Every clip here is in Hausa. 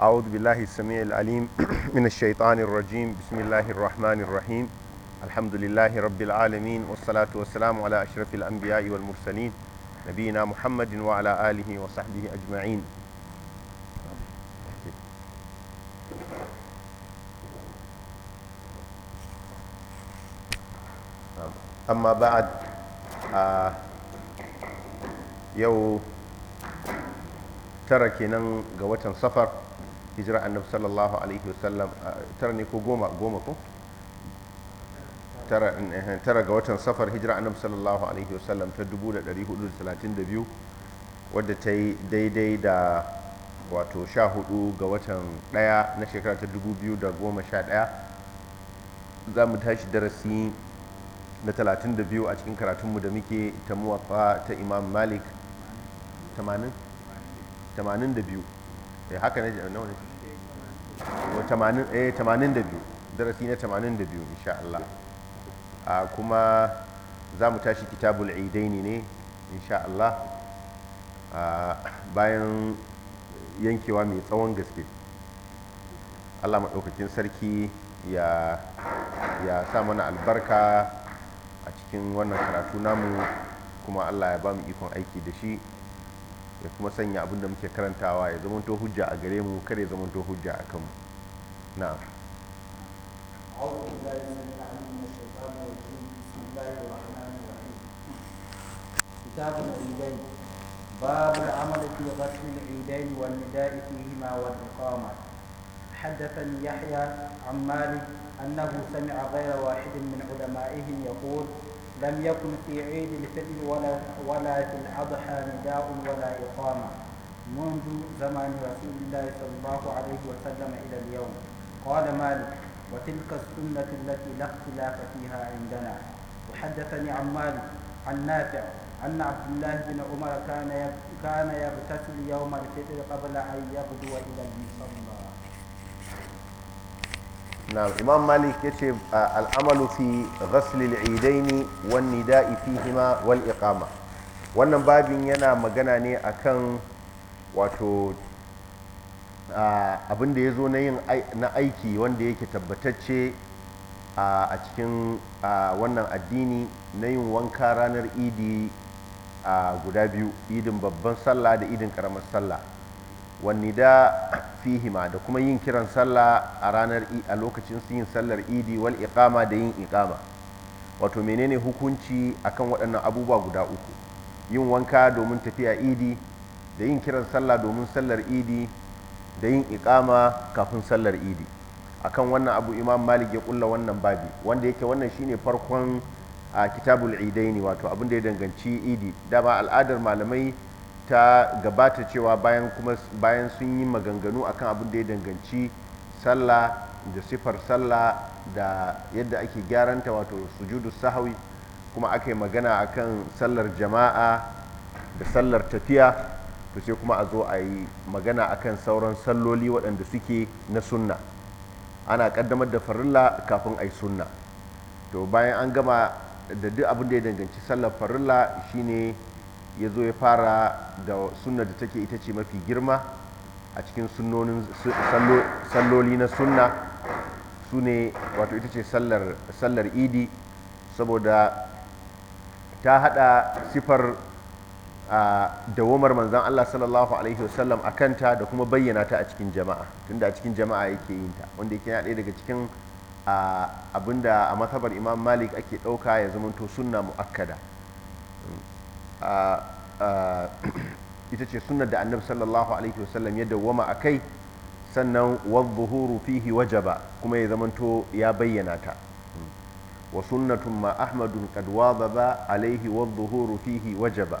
أعوذ بالله السميع العليم من الشيطان الرجيم بسم الله الرحمن الرحيم الحمد لله رب العالمين والصلاة والسلام على أشرف الأنبياء والمرسلين نبينا محمد وعلى آله وصحبه أجمعين أما بعد آه، يو تركنا قوة صفر hijira tara ne ko goma goma ko tara eh, ga watan safar hijira annabi sallallahu alaihi wasallam ta 1432 wadda ta yi daidai da wato 14 ga watan daya na shekara ta 2011 za mu tashi darasi na 32 a cikin karatunmu da muke ta muwafa ta imam malik 80 82 eh, haka ne nawa ne 82 eh, darasi na 82 insha Allah a kuma za mu tashi kitabul idaini ne insha Allah bayan yankewa mai tsawon gaske Allah maɗaukakin sarki ya ya sa mana albarka a cikin wannan karatu namu kuma Allah ya ba mu ikon aiki da shi ya kuma sanya abin da muke karantawa ya zamanto hujja a gare mu kada ya zamanto hujja a kanmu na'am كتاب العيدين باب العمل في غسل العيدين والنداء فيهما والإقامة حدثني يحيى عن مالك أنه سمع غير واحد من علمائهم يقول لم يكن في عيد الفطر ولا ولا في الأضحى نداء ولا إقامة منذ زمان رسول الله صلى الله عليه وسلم إلى اليوم قال مالك وتلك السنة التي لا اختلاف فيها عندنا وحدثني عن مالك عن نافع أن عبد الله بن عمر كان كان يغتسل يوم الفطر قبل أن يغدو إلى المصلى na imam malik ya a al'amalu fi ghaslil idaini wan nida'i wal iqama wannan babin yana magana ne akan wato abin da ya zo na na aiki wanda yake tabbatacce a cikin wannan addini na yin wanka ranar idi guda biyu idin babban sallah da idin karamar sallah wannida fihima da kuma yin kiran sallah a ranar a lokacin yin sallar idi wal iqama da yin iqama wato menene hukunci akan waɗannan abubuwa guda uku yin wanka domin tafiya idi da yin kiran sallah domin sallar idi da yin iqama kafin sallar idi akan wannan abu imam malik ya kulla wannan babi wanda yake wannan shine farkon a kitabul idaini wato abin da ya danganci idi dama al'adar malamai ta gabata cewa bayan kuma bayan sun yi maganganu akan abin da ya danganci sallah da sifar sallah da yadda ake ta wato sujudu sahawi kuma aka yi magana akan sallar jama'a da sallar tafiya to sai kuma a zo a yi magana akan sauran salloli waɗanda suke na sunna ana ƙaddamar da farilla kafin a yi sunna to bayan an gama da duk abin da ya danganci sallar farilla shine ya zo ya fara da sunna da take ita ce mafi girma a cikin sunnonin salloli na sunna su ne wato ita ce sallar idi saboda ta hada sifar dawomar manzan Allah sallallahu alaihi wasallam a kanta da kuma bayyana ta a cikin jama'a tunda a cikin jama'a yake yin ta wanda yake yana ɗaya daga cikin abinda a matsabar imam malik ake ɗauka ya zamanto sunna mu'akkada ita ce sunnar da annabi sallallahu alaihi wasallam ya dawwama a kai sannan wadhuhuru fihi wajaba kuma ya zamanto ya bayyana ta wa sunnatun ma ahmadun qad wadaba alaihi wadhuhuru fihi wajaba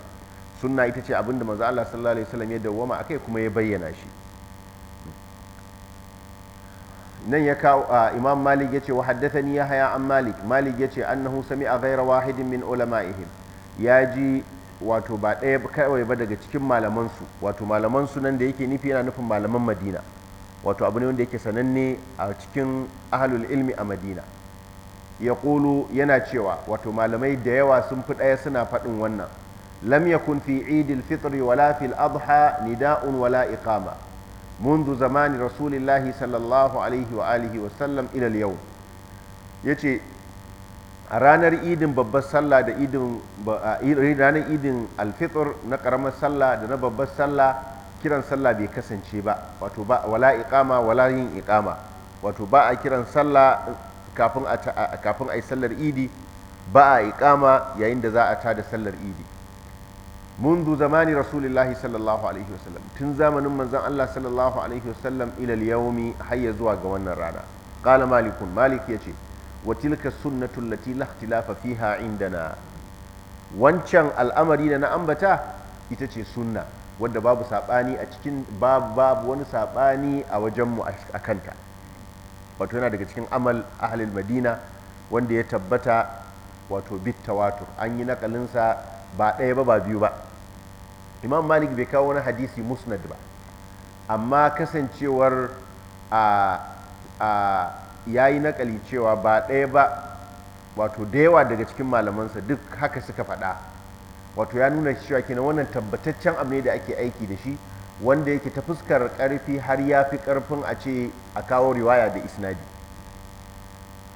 sunna ita ce abinda manzo Allah sallallahu alaihi wasallam ya dawwama akai kuma ya bayyana shi nan ya kawo imam malik yace wa haddathani yahya an malik malik yace annahu sami'a ghayra wahidin min ulama'ihim ya ji wato ba ɗaya kawai ba daga cikin malamansu wato malamansu nan da yake nufi yana nufin malaman madina wato abu ne wanda yake sananne a cikin ahalul ilmi a madina ya ƙulu yana cewa wato malamai da yawa sun fi ɗaya suna faɗin wannan lam yakun fi idil fitri wala fil adha nida'un wala iqama منذ زمان رسول الله صلى الله عليه وآله وسلم إلى اليوم yace a ranar idin babbar sallah da idin ranar idin alfitr na karamar sallah da na babbar sallah kiran sallah bai kasance ba wato ba wala iqama wala yin iqama wato ba a kiran sallah kafin a kafin ai sallar idi ba a iqama yayin da za a ta da sallar idi منذ زمان رسول الله صلى الله عليه وسلم تن allah من alaihi الله صلى الله عليه وسلم إلى اليوم حي rana ونرانا قال مالك مالك يجي wa tilka sunnatul lati la ikhtilafa fiha indana wancan al'amari da na ambata ita ce sunna wadda babu sabani a cikin babu wani saɓani a wajenmu a kanta wato yana daga cikin amal ahlul madina wanda ya tabbata wato bit tawatur an yi nakalinsa ba ɗaya ba ba biyu ba imam malik bai kawo wani hadisi musnad ba amma kasancewar a ya yi nakali cewa ba ɗaya ba wato da yawa daga cikin malamansa duk haka suka faɗa wato ya nuna cewa kenan wannan tabbataccen abu ne da ake aiki da shi wanda yake ta fuskar ƙarfi har ya fi ƙarfin a ce a kawo riwaya da isnadi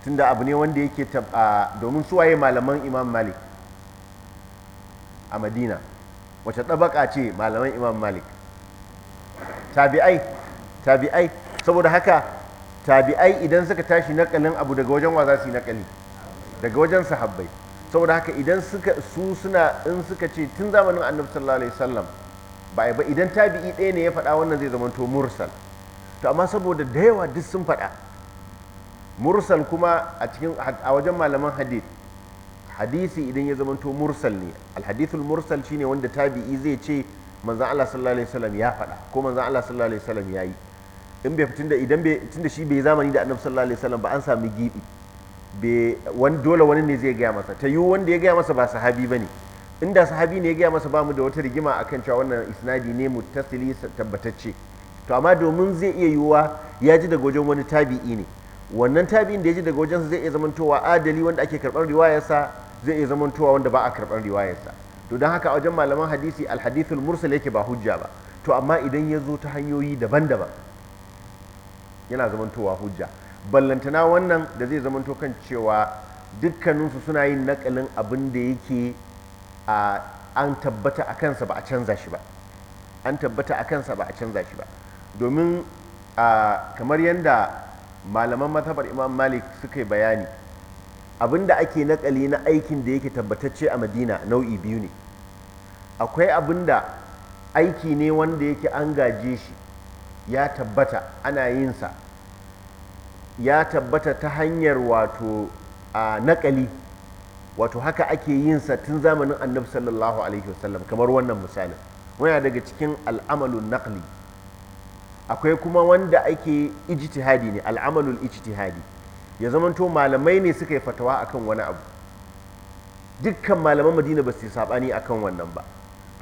tunda abu ne wanda yake domin suwaye malaman imam malik a madina wace ɗabaka ce malaman imam malik tabi'ai tabi'ai saboda haka tabi'ai idan suka tashi nakalin abu daga wajen waza su yi nakali daga wajen sahabbai saboda haka idan suka su suna in suka ce tun zamanin annabi sallallahu alaihi wasallam ba ba idan tabi'i ɗaya ne ya faɗa wannan zai zama to mursal to amma saboda da yawa duk sun faɗa mursal kuma a cikin a wajen malaman hadith hadisi idan ya zama to mursal ne alhadithul mursal shine wanda tabi'i zai ce manzon Allah sallallahu alaihi wasallam ya faɗa ko manzon Allah sallallahu alaihi wasallam ya yi in bai tunda idan bai tunda shi bai zamani da annabi sallallahu alaihi wasallam ba an sami gibi be wani dole wani ne zai gaya masa ta yi wanda ya gaya masa ba sahabi bane inda sahabi ne ya gaya masa ba mu da wata rigima akan cewa wannan isnadi ne muttasili tabbatacce to amma domin zai iya yiwuwa ya ji daga wajen wani tabi'i ne wannan tabi'in da ya ji daga wajen zai iya zamantowa adali wanda ake karɓar riwayarsa zai iya zamantowa wanda ba a karɓar riwayarsa to don haka a wajen malaman hadisi alhadithul mursal yake ba hujja ba to amma idan ya zo ta hanyoyi daban-daban yana zamantowa hujja ballantana wannan da zai zamanto kan cewa dukkaninsu suna yin nakalin abin da yake an tabbata a kansa ba a canza shi ba an tabbata a kansa ba a canza shi ba domin kamar yadda malaman mazhabar imam malik suka yi bayani abinda ake nakali na aikin da yake tabbatacce a madina nau'i biyu ne akwai da aiki ne wanda yake an gaje shi ya tabbata ana yin ya tabbata ta hanyar wato a nakali wato haka ake yin sa tun zamanin annabi sallallahu alaihi wasallam kamar wannan misalin muna daga cikin al'amalun naqli akwai kuma wanda ake ijtihadi ne al'amalul ijtihadi ya zamanto malamai ne suka yi fatawa akan wani abu dukkan malaman madina ba su yi sabani akan wannan ba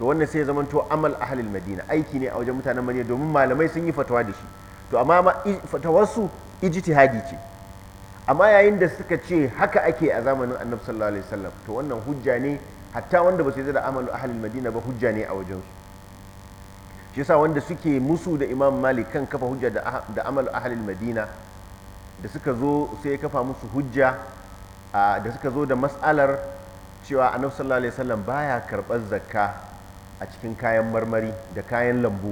to wannan sai zaman to amal ahalil madina aiki ne a wajen mutanen madina domin malamai sun yi fatawa da shi to amma fatawarsu ijtihadi ce amma yayin da suka ce haka ake a zamanin annabi sallallahu alaihi wasallam to wannan hujja ne hatta wanda ba su yi da amal ahalil madina ba hujja ne a wajen su shi yasa wanda suke musu da imam malik kan kafa hujja da ah, amal ahalil madina da suka zo sai kafa musu hujja ah, da suka zo da mas'alar cewa annabi sallallahu alaihi wasallam baya karɓar zakka a cikin kayan marmari da kayan lambu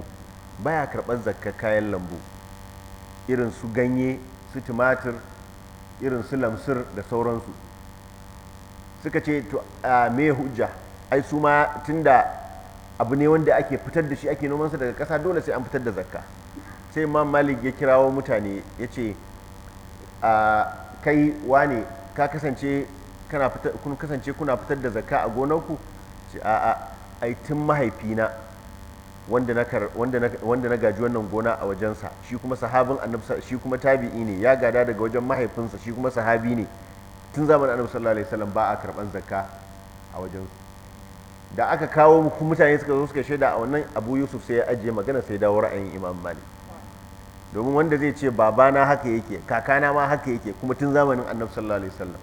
baya karɓar zakka kayan lambu irin su ganye su tumatir irin su lamsir da sauransu suka ce to a me hujja ai su ma tunda abu ne wanda ake fitar da shi ake nomansa daga ƙasa dole sai an fitar da zakka sai imam malik ya kirawo mutane ya ce a kai wane ka kasance kuna fitar da zakka a gonarku a a ai tun mahaifina wanda na wanda na gaji wannan gona a wajensa shi kuma sahabin annabi shi kuma tabi'i ne ya gada daga wajen mahaifinsa shi kuma sahabi ne tun zamanin annabi sallallahu alaihi wasallam ba a karban zakka a wajensu da aka kawo mutane suka zo suka shaida a wannan abu yusuf sai ya ajiye magana sai dawo ra'ayin imam malik domin wanda zai ce babana haka yake kakana ma haka yake kuma tun zamanin annabi sallallahu alaihi wasallam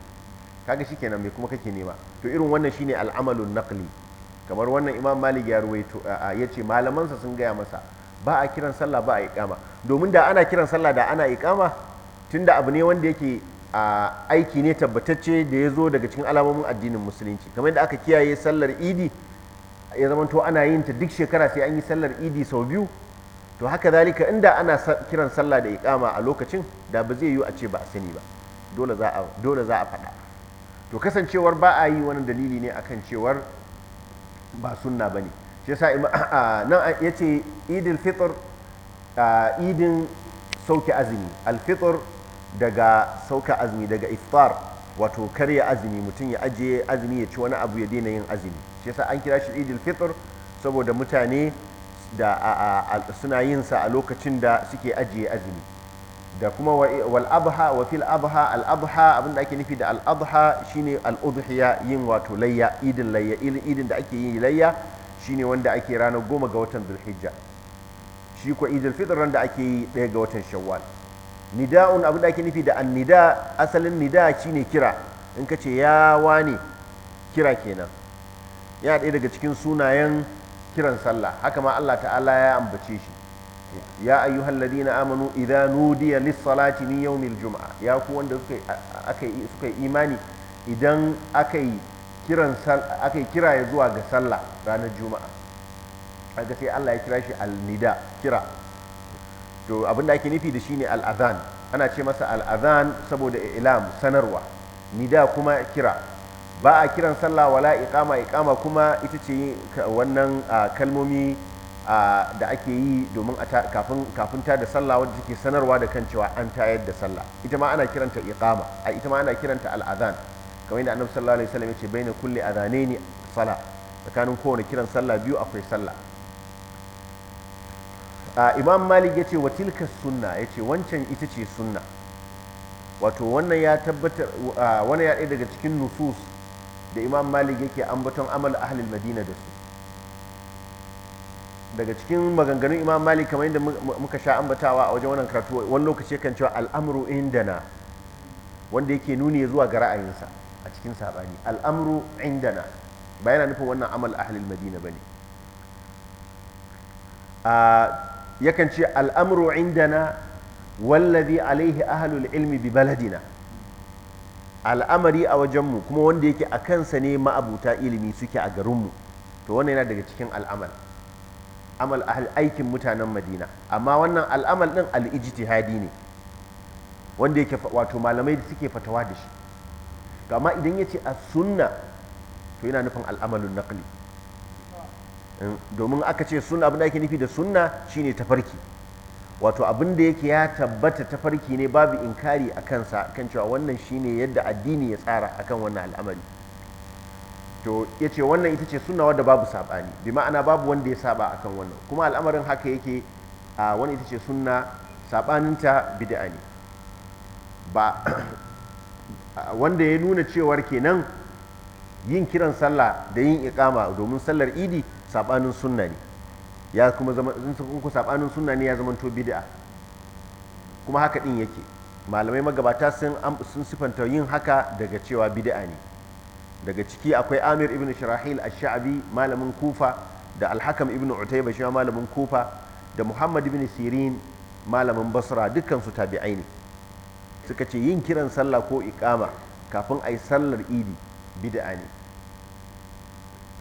kaga shikenan me kuma kake nema to irin wannan shine al'amalun naqli kamar wannan imam malik ya ruwaito ya ce malamansa sun gaya masa ba a kiran sallah ba a kama domin da ana kiran sallah da ana ikama tunda abu ne wanda yake aiki ne tabbatacce da ya zo daga cikin alamomin addinin musulunci kamar da aka kiyaye sallar idi ya zama to ana yin ta duk shekara sai an yi sallar idi sau biyu to haka zalika inda ana kiran sallah da ikama a lokacin da ba zai yiwu a ce ba a sani ba dole za a faɗa to kasancewar ba a yi wani dalili ne akan cewar ba sunna ba ne shi yasa nan ya ce idil fitr idin sauke azumi alfitr daga sauka azumi daga iftar wato karya azumi mutum ya ajiye azumi ya ci wani abu ya daina yin azumi shi yasa an kira shi idil fitr saboda mutane da suna yin sa a lokacin da suke ajiye azumi da kuma wal abha wa fil abha al abha abinda ake nufi da al shine al yin wato layya idin layya idin da ake yin layya shine wanda ake ranar goma ga watan dhulhijja shi ko idil fitr da ake yi daya ga watan shawwal nida'un da ake nufi da an nida asalin nida shine kira in ka ce ya wani kira kenan ya ɗaya daga cikin sunayen kiran sallah haka ma Allah ta'ala ya ambace shi ya ayyuhal ladina amanu idza nudiya lis salati min yawmil jumu'a ya ku wanda suka yi imani idan aka yi kira ya zuwa ga sallah ranar juma'a aka sai Allah ya kira shi al-nida kira to abin da ake nufi da ne al-adhan ana ce masa al-adhan saboda ilam sanarwa nida kuma kira ba a kiran sallah wala iqama iqama kuma ita ce wannan kalmomi da ake yi domin kafin ta da sallah wadda take sanarwa da kan cewa an tayar da sallah ita ma ana kiranta iqama a ita ma ana kiranta al'adhan kamar yadda annabi sallallahu alaihi wasallam yace baina kulli adhanaini sala tsakanin kowane kiran sallah biyu akwai sallah imam malik yace wa tilka sunna yace wancan ita ce sunna wato wannan ya tabbatar wannan ya daga cikin nusus da imam malik yake ambaton amal ahlul madina da su daga cikin maganganun imam malik kamar yadda muka sha ambatawa a wajen wannan karatu wani lokaci kan cewa al'amru indana wanda yake nuni zuwa ga ra'ayinsa a cikin sabani al'amru indana ba yana nufin wannan amal ahlul madina bane a yakan ce al'amru indana wallazi alaihi ahlul ilmi bi baladina al'amari a wajenmu kuma wanda yake a kansa ne ma'abuta ilimi suke a garinmu to wannan yana daga cikin al'amal amal aikin mutanen madina amma wannan al'amal din al'ijtihadi ne wanda yake wato malamai da suke fatawa da shi amma idan ya ce a sunna to yana nufin al'amalun naqli domin aka ce sunna abin da ake nufi da sunna shine tafarki wato abin da yake ya tabbata tafarki ne babu inkari a kansa kan cewa wannan shine yadda addini ya tsara akan wannan al'amari to ya ce wannan ita ce suna wadda babu saɓani bi ma'ana babu wanda ya saba akan wannan kuma al'amarin haka yake a wani ita ce suna saɓaninta bida'a ne ba wanda ya nuna cewar kenan yin kiran sallah da yin ikama domin sallar idi saɓanin sunna ne ya kuma zama in ku saɓanin sunna ne ya to bida'a kuma haka din yake malamai magabata sun sifanta yin haka daga cewa bida'a ne daga ciki akwai amir ibn shirahil ash-sha'bi malamin kufa da alhakam ibn utayba shi malamin kufa da muhammad ibn sirin malamin basra dukkan su tabi'ai ne suka ce yin kiran sallah ko iqama kafin ai sallar idi bid'a ne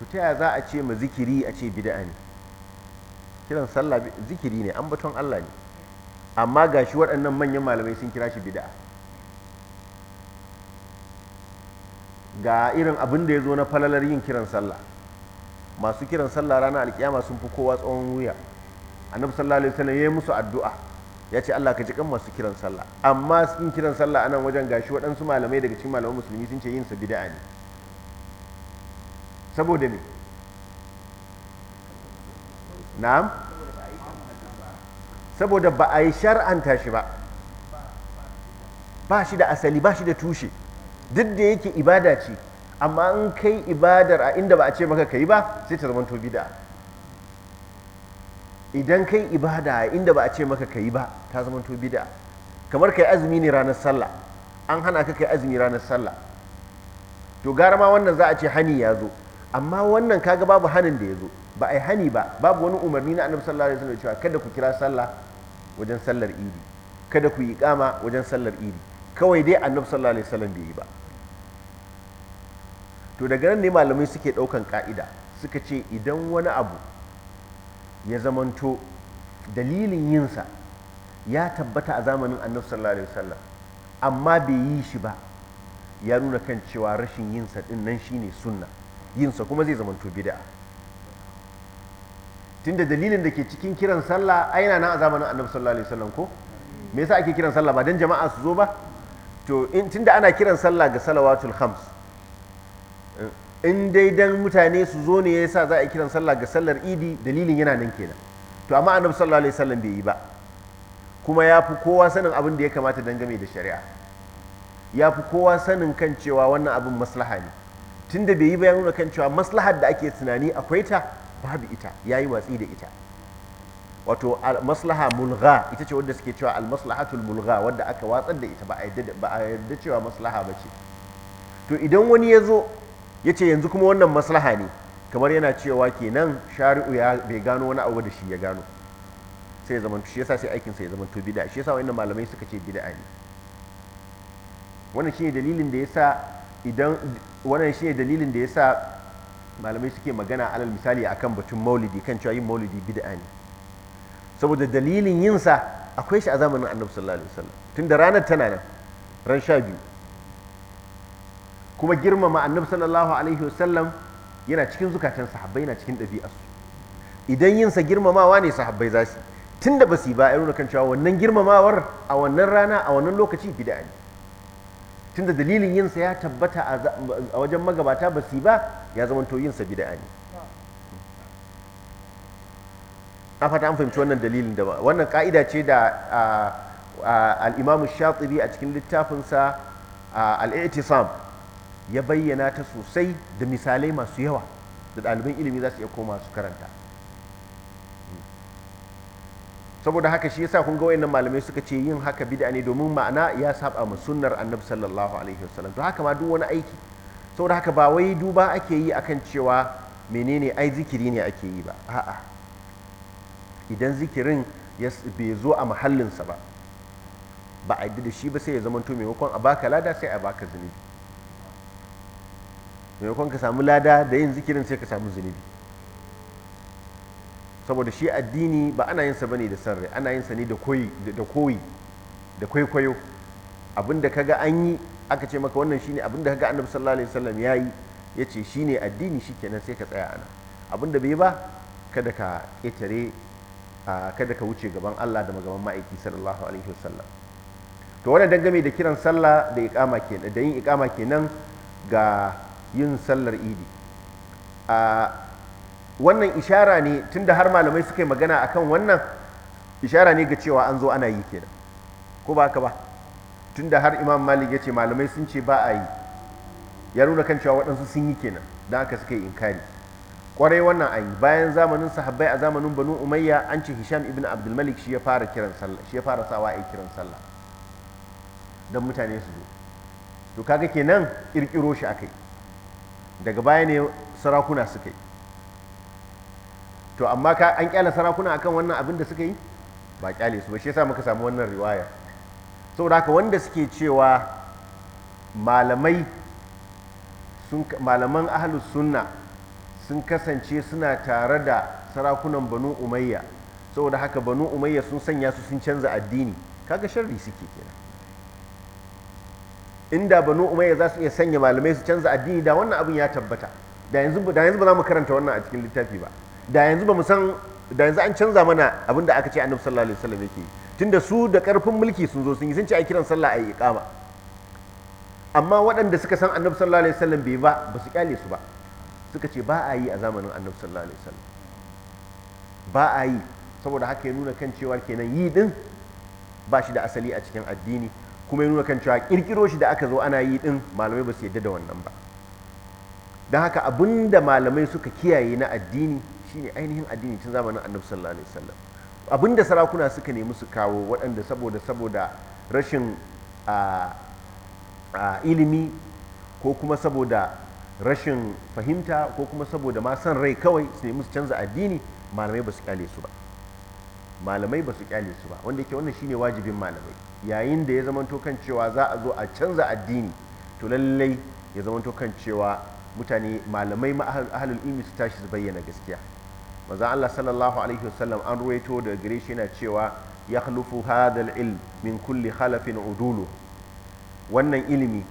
to ta yaya za a ce ma zikiri a ce bid'a ne kiran sallah zikiri ne ambaton Allah ne amma ga shi waɗannan manyan malamai sun kira shi bid'a ga irin abin da ya zo na falalar yin kiran sallah masu kiran sallah ranar alkiyama sun fi kowa tsawon wuya annabi sallallahu alaihi wasallam yayi musu addu'a ya ce Allah ka ji kan masu kiran sallah amma sun kiran sallah anan wajen gashi waɗansu malamai daga cikin malaman musulmi sun ce yin sa bid'a ne saboda me na'am saboda ba a yi shar'anta shi ba ba shi da asali ba shi da tushe duk da yake ibada ce amma in kai ibadar a inda ba a ce maka ka yi ba sai ta to bid'a idan kai ibada a inda ba a ce maka ka yi ba ta to bid'a kamar kai azumi ne ranar sallah an hana ka kai azumi ranar sallah to gara ma wannan za a ce hani ya zo amma wannan kaga babu hanin da ya zo ba a yi hani ba babu wani umarni na annabi sallallahu alaihi wasallam cewa kada ku kira sallah wajen sallar idi kada ku yi kama wajen sallar idi kawai dai annabi sallallahu alaihi wasallam bai yi ba to daga nan ne malamai suke ɗaukan ka'ida suka ce idan wani abu ya zamanto dalilin yinsa ya tabbata a zamanin annabi sallallahu alaihi wasallam amma bai yi shi ba ya nuna kan cewa rashin yinsa din nan shine sunna yinsa kuma zai zamanto bid'a tunda dalilin da ke cikin kiran sallah aina nan a zamanin annabi sallallahu alaihi wasallam ko me yasa ake kiran sallah ba dan jama'a su zo ba to tun tunda ana kiran sallah ga salawatul khams in dai dan mutane su zo ne yasa za a yi kiran sallah ga sallar idi dalilin yana nan kenan to amma annabi sallallahu alaihi wasallam bai yi ba kuma ya fi kowa sanin abin da ya kamata dangane da shari'a ya fi kowa sanin kan cewa wannan abin maslaha ne tunda bai yi ba ya nuna kan cewa maslahar da ake tunani akwai ta babu ita Ya yi watsi da ita wato maslaha mulgha ita ce wadda suke cewa almaslahatul mulgha wadda aka watsar da ita ba a yarda cewa maslaha ba ce to idan wani ya zo ya ce yanzu kuma wannan maslaha ne kamar yana cewa kenan shari'u ya bai gano wani abu da shi ya gano sai ya zama shi yasa sai aikin ya zama to bid'a shi yasa wannan malamai suka ce bid'a ne wannan shine dalilin da yasa idan wannan shine dalilin da yasa malamai suke magana alal misali akan batun maulidi kan cewa yin maulidi bid'a ne saboda dalilin yinsa akwai shi a zamanin annabi sallallahu alaihi wasallam tunda ranar tana nan ran sha biyu kuma girmama annabi sallallahu alaihi wasallam yana cikin zukatan sahabbai yana cikin ɗabi'arsu idan yinsa girmamawa ne sahabbai za su tunda ba su ba ya nuna kan cewa wannan girmamawar a wannan rana a wannan lokaci bid'a ne tunda dalilin yinsa ya tabbata a wajen magabata ba su ba ya zama to yinsa bid'a ne a fata an fahimci wannan dalilin da wannan ka'ida ce da al'imamu shatibi a cikin littafinsa al'i'tisam ya bayyana ta sosai da misalai masu yawa da ɗaliban ilimi za su iya koma su karanta saboda haka shi yasa kun ga wayannan malamai suka ce yin haka bid'a ne domin ma'ana ya saba mu sunnar annabi sallallahu alaihi wasallam to haka ma duk wani aiki saboda haka ba wai duba ake yi akan cewa menene ai zikiri ne ake yi ba a'a idan zikirin bai zo a mahallinsa ba ba a yi da shi ba sai ya zama to maimakon a baka lada sai a baka zunubi maimakon ka samu lada da yin zikirin sai ka samu zunubi saboda shi addini ba ana yin sa bane da san rai ana yin sa ne da koyi da koyi da kwaikwayo abinda kaga an yi aka ce maka wannan shine abinda kaga annabi sallallahu alaihi wasallam yayi yace shine addini shikenan sai ka tsaya ana abinda bai ba kada ka ketare kada ka wuce gaban Allah da magaban ma'aiki sallallahu alaihi wasallam to wannan dangane da kiran sallah da iqama kenan da yin iqama kenan ga yin sallar idi a wannan ishara ne tunda har malamai suka yi magana akan wannan ishara ne ga cewa an zo ana yi kenan ko ba haka ba tunda har imam malik ya ce malamai sun ce ba a yi ya nuna kan cewa waɗansu sun yi kenan don haka suka yi inkari kwarai wannan an bayan zamanin sahabbai a zamanin banu umayya an ce hisham ibn abdulmalik shi ya fara kiran sallah shi ya fara sawa a kiran sallah don mutane su zo to kaga kenan kirkiro shi akai daga baya ne sarakuna suka yi to amma ka an kyale sarakuna akan wannan abin da suka yi ba kyale su ba shi yasa muka samu wannan riwaya saboda haka wanda suke cewa malamai malaman ahlus sunna sun kasance suna tare da sarakunan banu umayya saboda haka banu umayya sun sanya su sun canza addini kaga sharri suke kenan inda banu umayya za su iya sanya malamai su canza addini da wannan abin ya tabbata da yanzu da yanzu ba za mu karanta wannan a cikin littafi ba da yanzu ba mu san da yanzu an canza mana abin da aka ce annabi sallallahu alaihi wasallam yake tunda su da karfin mulki sun zo sun yi sun ce a kiran sallah a yi iqama amma waɗanda suka san annabi sallallahu alaihi wasallam bai ba ba su kyale su ba suka ce ba a yi a zamanin annabi sallallahu alaihi wasallam ba a yi saboda haka ya nuna kan cewa kenan yi din ba shi da asali a cikin addini kuma ya nuna kan cewa kirkiro shi da aka zo ana yi din malamai ba su yadda da wannan ba don haka abinda malamai suka kiyaye na addini shine ainihin addini tun zamanin annabi sallallahu alaihi wasallam abinda sarakuna suka nemi su kawo waɗanda saboda saboda rashin ah, ah, ilimi ko kuma saboda rashin fahimta ko kuma saboda ma san rai kawai su nemi su canza addini malamai ba su kyale su ba malamai ba su kyale su ba wanda yake wannan shine wajibin malamai yayin da ya zamanto kan cewa za a zo a canza addini to lallai ya zamanto kan cewa mutane malamai ma ahlul ilmi su tashi su bayyana gaskiya manzon Allah sallallahu alaihi wasallam an ruwaito da gare shi yana cewa yakhlufu hadha ilmin ilm min kulli khalafin udulu wannan ilimi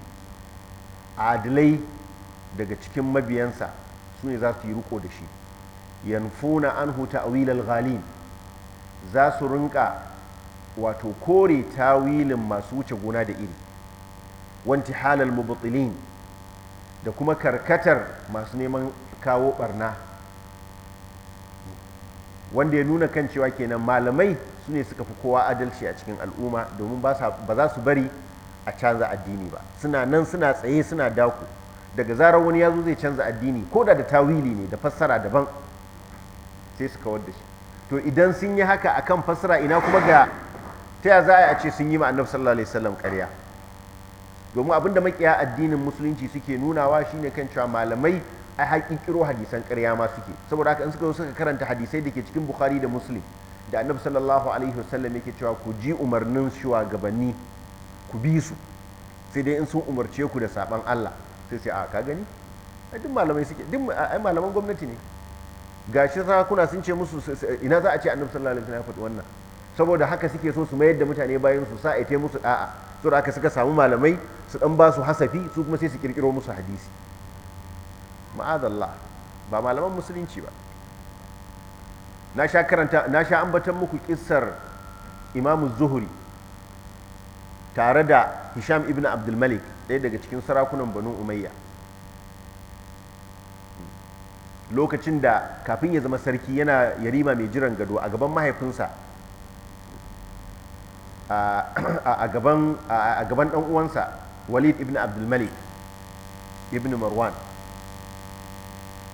adilai daga cikin mabiyansa su ne za su yi riko da shi yanfuna anhu a al-ghalin za su rinka wato kore tawilin masu wuce gona da iri wanti halal mubutilin da kuma karkatar masu neman kawo barna wanda ya nuna kan cewa kenan malamai su ne suka fi kowa adalci a cikin al'umma domin ba za su bari a canza addini ba suna nan suna tsaye suna dako daga zarar wani ya zo zai canza addini ko da da tawili ne da fassara daban sai su kawar da shi to idan sun yi haka akan fassara ina kuma ga ta ya za a ce sun yi ma sallallahu alaihi wasallam ƙarya domin abin da makiya addinin musulunci suke nunawa shine kan cewa malamai a haƙiƙiro hadisan karya ma suke saboda haka in suka zo suka karanta hadisai da ke cikin bukhari da muslim da annabi sallallahu alaihi wasallam yake cewa ku ji umarnin shugabanni ku bi su sai dai in sun umarce ku da saban Allah sai sai a ka gani duk malamai suke duk ai malaman gwamnati ne gashi kuna sun ce musu ina za a ce annabi sallallahu alaihi wasallam ya faɗi wannan saboda haka suke so su mayar da mutane bayan su sa ta musu da'a to da aka suka samu malamai su dan ba su hasafi su kuma sai su kirkiro musu hadisi ma'azallah ba malaman musulunci ba na sha karanta na sha ambatan muku kissar imamu zuhuri tare da hisham ibn abdul malik ɗaya daga cikin sarakunan banu umayya lokacin da kafin ya zama sarki yana yarima mai jiran gado a gaban mahaifinsa a gaban ɗan uwansa walid ibn abdulmalik ibn marwan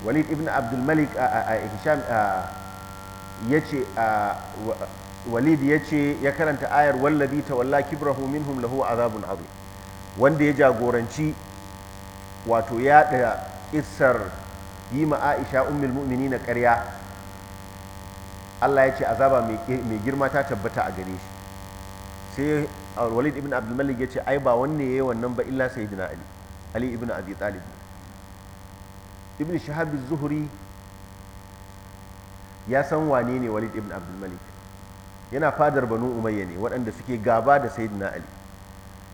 walid ibn abdulmalik a ya ce walid ya ce ya karanta ayar wallabi ta walla kibrahu minhum lahu azabun azim wanda ya jagoranci wato ya yaɗa isar yi ma aisha ummul mu'mini na karya. Allah ya ce azaba mai girma ta tabbata a gare shi sai walid ibn abdulmalik ya ce ai ba wanne ya yi wannan ba illa sayyidina ali ali ibn abi talib ibn shahab zuhri ya san wane ne walid ibn abdulmalik yana fadar banu umayya ne waɗanda suke gaba da sayyidina ali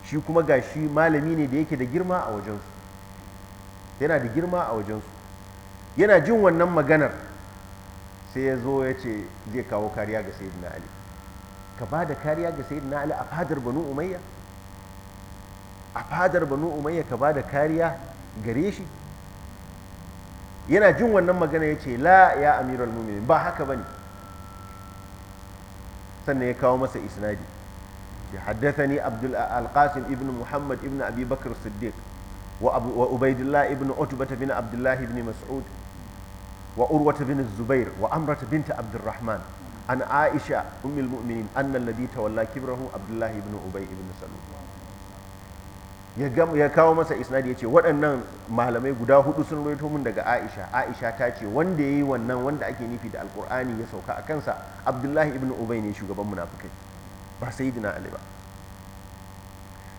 shi kuma gashi malami ne da yake da girma a wajensu yana da girma a wajensu yana jin wannan maganar sai ya zo ya ce zai kawo kariya ga na ali ka ba da kariya ga na ali a fadar banu umayya a fadar banu umayya ka ba da kariya gare shi yana jin wannan magana ya ce la ya amiru mu'minin ba haka ba ne. sannan ya kawo masa isnadi ya haddasa ni abdul ibn muhammad ibn abi bakar siddiq wa abu wa ubaidullah ibn utbata bin ibn mas'ud wa urwata bin zubair wa amrata bint abdurrahman an aisha ummul mu'minin anna alladhi tawalla kibrahu abdullah ibn ubay ibn salul ya gam ya kawo masa isnadi ce waɗannan malamai guda hudu sun ruwaito mun daga aisha aisha ta ce wanda yayi wannan wanda ake nifi da alqur'ani ya sauka a kansa Abdullahi ibn ubay ne shugaban munafikai ba sayyidina ali ba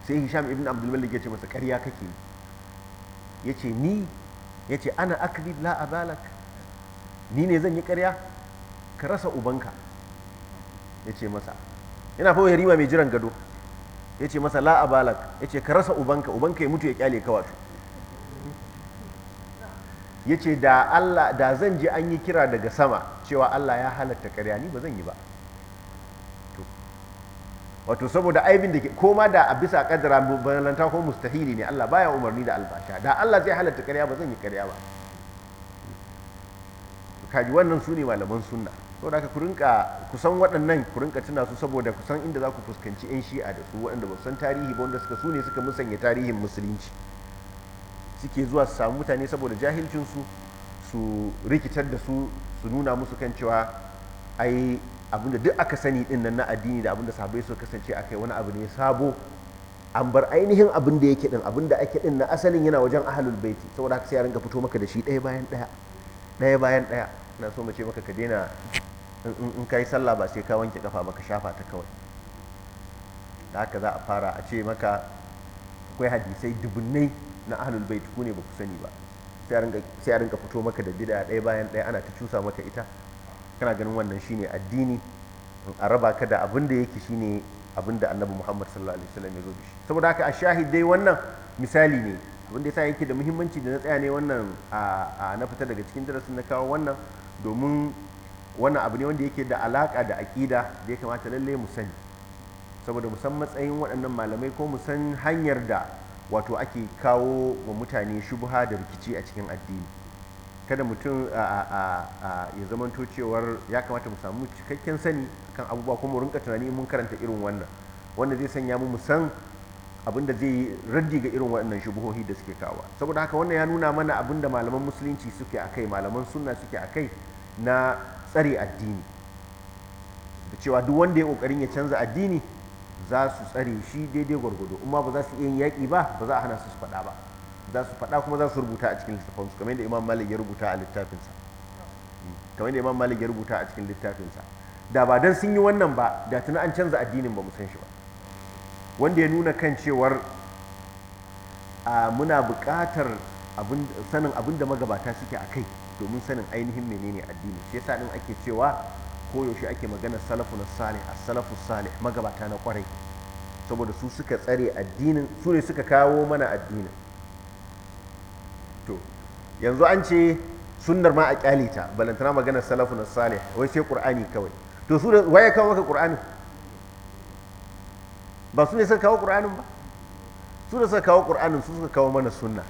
sai hisham ibn Abdul ya ce masa karya kake ya ce ni ya ce ana akli la abalak ni ne zan yi karya ka rasa ubanka ya ce masa yana fa yarima mai jiran gado ya ce masa la abalak ya ce ka rasa ubanka ubanka ya mutu ya kyale ka wato ya ce da Allah da zan ji an yi kira daga sama cewa Allah ya halatta karya ni ba zan yi ba wato saboda aibin da ke koma da a bisa kadara balanta ko mustahili ne Allah baya umarni da albasha da Allah zai halatta karya ba zan yi karya ba kaji wannan su ne malaman sunna saboda da ku rinka kusan waɗannan ku rinka tuna su saboda kusan inda za ku fuskanci 'yan shi'a da su waɗanda ba san tarihi ba wanda suka su ne suka musanya tarihin musulunci suke zuwa su samu mutane saboda jahilcinsu su rikitar da su su nuna musu kan cewa ai abinda duk aka sani din nan na addini da abinda sabai su kasance kai wani abu ne sabo an bar ainihin abin da yake din abin da ake din na asalin yana wajen ahlul baiti saboda haka sai ya ringa fito maka da shi ɗaya bayan ɗaya ɗaya bayan ɗaya ina so mace maka ka daina in kai sallah ba sai ka wanke kafa ba ka shafa ta kawai da haka za a fara a ce maka akwai hadisai dubunnai na ahlul bait ku ne ba ku sani ba sai a rinka fito maka da bid'a ɗaya bayan ɗaya ana ta cusa maka ita kana ganin wannan shine addini a raba ka da abin da yake shine abin da annabi muhammad sallallahu alaihi wasallam ya zo da shi saboda haka a shahid dai wannan misali ne abin da yasa yake da muhimmanci da na tsaya ne wannan a na fita daga cikin darasin na kawo wannan domin wannan abu ne wanda yake da alaka da aƙida da ya kamata lalle mu sani saboda musan matsayin waɗannan malamai ko musan hanyar da wato ake kawo wa mutane shubha da rikici a cikin addini kada mutum ya zamanto cewar ya kamata mu samu cikakken sani kan abubuwa kuma mu rinka tunani mun karanta irin wannan wanda zai sanya mu mu san abin da zai raddi ga irin waɗannan shubuhohi da suke kawo saboda haka wannan ya nuna mana abin da malaman musulunci suke akai malaman sunna suke akai na tsare addini da cewa duk wanda ya kokarin ya canza addini za su tsare shi daidai gwargwado amma ba za su iya yin yaƙi ba ba za a hana su su faɗa ba za su faɗa kuma za su rubuta a cikin littafinsu, kamar yadda imam malik ya rubuta a littafinsa hmm. kamar yadda imam malik ya rubuta a cikin littafinsa da ba dan sun yi wannan ba da tuna an canza addinin ba mu san shi ba wanda ya nuna kan cewar a muna bukatar sanin abin da magabata suke a kai domin sanin ainihin menene addini shi yasa din ake cewa ko yaushe ake magana salafu na salih a salafu salih magabata na kwarai saboda su suka tsare addinin su ne suka kawo mana addinin yanzu an ce sunnar ma a kyale ta balantana maganar salafun salih wai sai qur'ani kawai to su da waye kawo maka qur'ani ba su ne suka kawo qur'anin ba su da suka kawo qur'anin su suka kawo mana sunna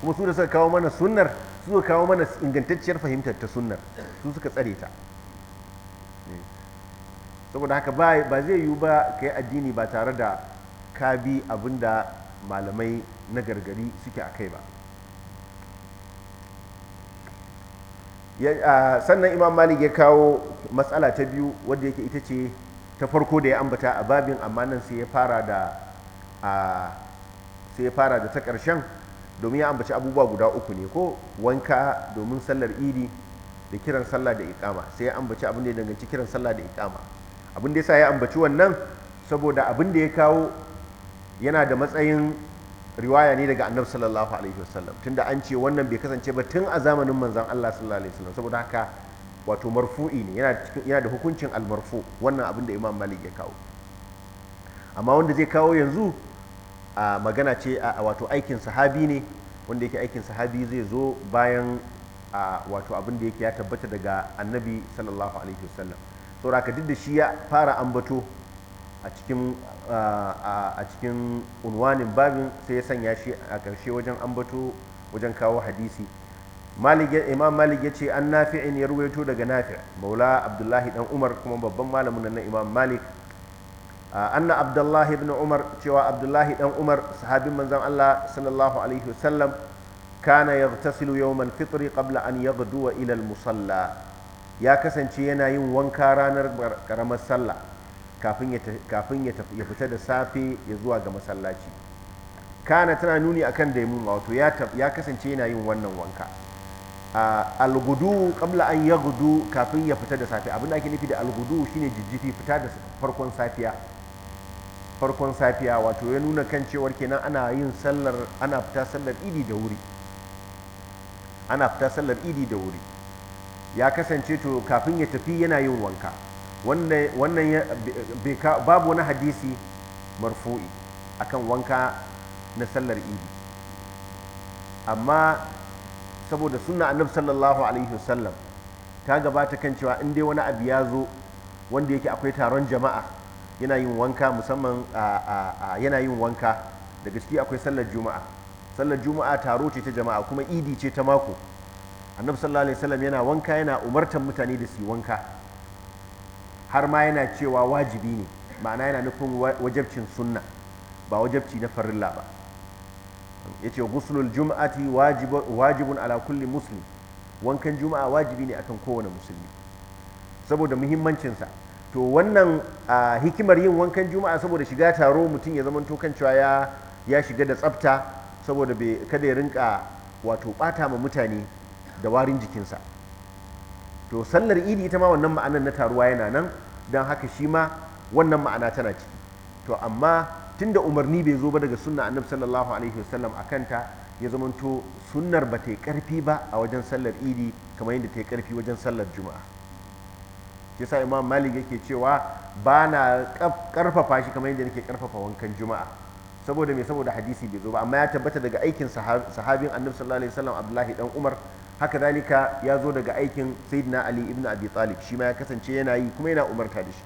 kuma su da suka kawo mana sunnar su suka kawo mana ingantacciyar fahimtar ta sunnar su suka tsare ta eh. saboda haka ba zai yiwu ba ka yi addini ba tare da ka bi abin da malamai na gargari suke a kai ba sannan imam malik ya kawo matsala ta biyu wadda yake ita ce ta farko da ya ambata a babin amma nan sai ya fara da ta ƙarshen domin ya ambaci abubuwa guda uku ne ko wanka domin sallar idi da kiran sallah da ikama sai ya ambaci abin da ya danganci kiran sallah da ikama abin da ya sa ya ambaci wannan saboda abin da ya kawo yana da matsayin riwaya ne daga annabi sallallahu alaihi wasallam tunda an ce wannan bai kasance ba tun a zamanin manzon Allah sallallahu alaihi wasallam saboda haka wato marfu'i ne yana cikin da hukuncin almarfu wannan abin da imam malik ya kawo amma wanda zai kawo yanzu a magana ce a wato aikin sahabi ne wanda yake aikin sahabi zai zo bayan a wato abin da yake ya tabbata daga annabi sallallahu alaihi wasallam saboda haka duk da shi ya fara ambato a cikin unwanin babin sai ya sanya shi a ƙarshe wajen ambato wajen kawo hadisi imam malik ya ce an nafi'in ya ruwaito daga nafi maula abdullahi dan umar kuma babban malamin na imam malik anna abdullahi ibn umar cewa abdullahi dan umar sahabin manzon allah sallallahu alaihi wasallam kana yaghtasilu yawman fitri qabla an yaghduwa ila al-musalla ya kasance yana yin wanka ranar karamar sallah kafin ya fita da safe ya zuwa ga masallaci kana tana nuni akan daimuma wato ya kasance yana yin wannan wanka algudu kabla an ya gudu kafin ya fita da safe abinda ake nufi da algudu shine jijjifi fita da farkon safiya farkon safiya wato ya nuna kan cewar kenan ana yin sallar ana fita sallar idi da wuri ana fita sallar idi da wuri ya kasance to kafin ya tafi yana yin wanka wannan babu wani hadisi marfu'i akan wanka na sallar idi amma saboda suna annab sallallahu alaihi wasallam ta gabata kan cewa in dai wani abu ya zo wanda yake akwai taron jama'a yana yin wanka musamman yana yin wanka da gaske akwai sallar juma'a sallar juma'a taro ce ta jama'a kuma idi ce ta mako annab sallallahu alaihi wasallam yana wanka yana umartar mutane da su wanka har ma yana cewa wajibi ne ma'ana yana nufin wajabcin sunna ba wajabci na farilla ba yace gusulul jum'ati wajibun ala kulli muslim wankan juma'a wajibi ne akan kowane musulmi saboda muhimmancinsa to wannan hikimar yin wankan juma'a saboda shiga taro mutum ya zamanto kan cewa ya shiga da tsafta saboda kada ya rinka wato bata ma mutane da warin jikinsa to sallar idi ita ma wannan ma'anar na taruwa yana nan don haka shi ma wannan ma'ana tana ciki to amma tunda umarni bai zo ba daga sunna annabi sallallahu alaihi wasallam a kanta ya zamanto sunnar ba ta yi karfi ba a wajen sallar idi kamar yadda ta yi karfi wajen sallar juma'a shi sa imam malik yake cewa ba na karfafa shi kamar yadda nake karfafa wankan juma'a saboda me saboda hadisi bai zo ba amma ya tabbata daga aikin sahabin annabi sallallahu alaihi wasallam abdullahi dan umar haka zalika ya zo daga aikin sayyidina ali ibn abi talib shi ma ya kasance yana yi kuma yana umarta da shi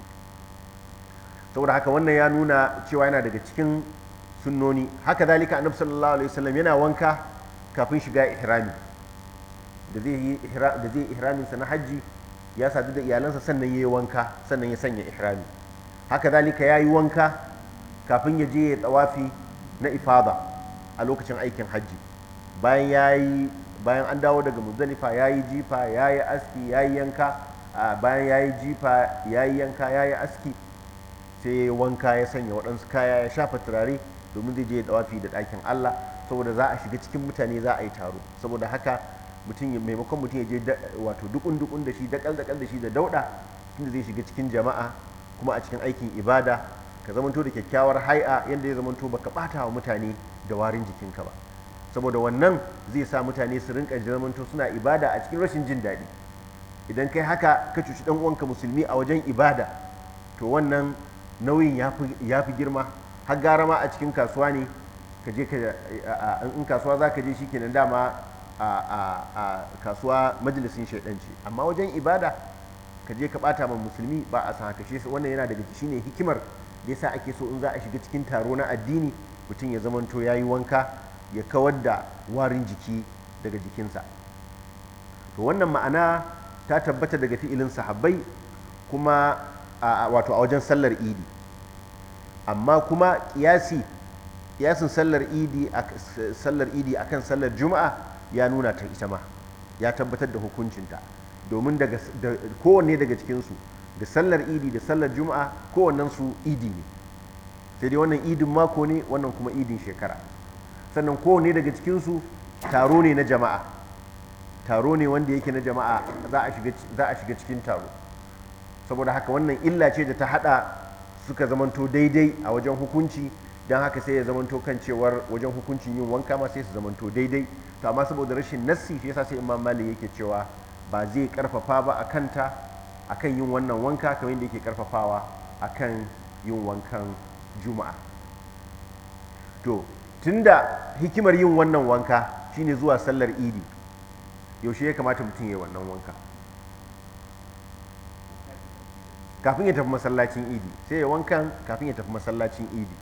saboda haka wannan ya nuna cewa yana daga cikin sunnoni haka zalika annabi sallallahu alaihi wasallam yana wanka kafin shiga ihrami da zai yi da zai ihramin sa na haji ya sadu da iyalansa sannan yayi wanka sannan ya sanya ihrami haka zalika yayi wanka kafin ya je ya tsawafi na ifada a lokacin aikin haji bayan yayi bayan an dawo daga muzdalifa ya yi jifa ya yi aski ya yi yanka bayan ya yi jifa ya yi yanka ya yi aski sai wanka ya sanya waɗansu kaya ya shafa turare domin zai je dawafi da ɗakin allah saboda za a shiga cikin mutane za a yi taro saboda haka mutum maimakon mutum ya je wato dukun dukun da shi dakal dakal da shi da dauda tunda zai shiga cikin jama'a kuma a cikin aikin ibada ka zamanto da kyakkyawar hai'a yadda ya zamanto baka ɓata wa mutane da warin jikinka ba saboda wannan zai sa mutane su rinka zamanto suna ibada a cikin rashin jin daɗi idan kai haka ka cuci ɗan uwanka musulmi a wajen ibada to wannan nauyin ya fi girma har gara ma a cikin kasuwa ne ka je in kasuwa za ka je shi kenan dama a kasuwa majalisin shaidan ce amma wajen ibada ka je ka bata ma musulmi ba a san haka shi wannan yana daga ne hikimar da yasa ake so in za a shiga cikin taro na addini mutum ya zamanto yi wanka ya kawar da warin jiki daga jikinsa to wannan ma'ana ta tabbata daga fi'ilin sahabbai kuma wato a wajen sallar idi amma kuma kiyasi kiyasin sallar idi sallar idi akan sallar juma'a ya nuna ta ita ma ya tabbatar da hukuncinta domin daga kowanne daga cikinsu da sallar idi da sallar juma'a kowannensu idi ne sai dai wannan idin mako ne wannan kuma idin shekara sannan kowane daga cikinsu taro ne na jama'a taro ne wanda yake na jama'a za a shiga cikin taro saboda haka wannan illa ce da ta hada suka zamanto daidai a wajen hukunci don haka sai ya zamanto kan cewar wajen hukuncin yin wanka ma sai su zamanto daidai to amma saboda rashin nassi shi yasa sai imam malik yake cewa ba zai karfafa ba a kanta akan yin wannan wanka kamar yadda yake karfafawa akan yin wankan juma'a to tunda hikimar yin wannan wanka shine zuwa sallar idi yaushe ya kamata mutum ya wannan wanka kafin ya tafi masallacin idi sai ya wanka kafin ya tafi masallacin idi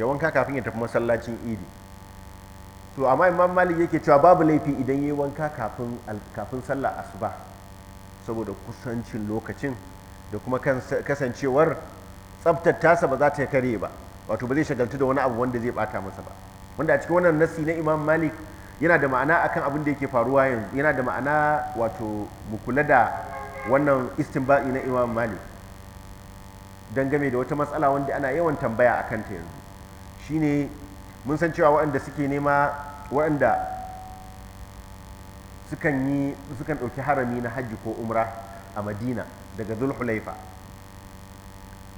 ya wanka kafin ya tafi masallacin idi to amma imam malik yake cewa babu laifi idan ya yi wanka kafin kafin sallar asuba saboda kusancin lokacin da kuma kasancewar tsabtar tasa ba za ta kare ba wato ba zai shagaltu da wani abu wanda zai bata masa ba wanda a cikin wannan nasi na imam malik yana da ma'ana akan abin da yake faruwa yanzu yana da ma'ana wato mu kula da wannan istinbadi na imam malik game da wata matsala wanda ana yawan tambaya a kanta yanzu shine mun san cewa waɗanda suke nema waɗanda sukan yi sukan ɗauki harami na hajji ko umra a madina daga zulhulaifa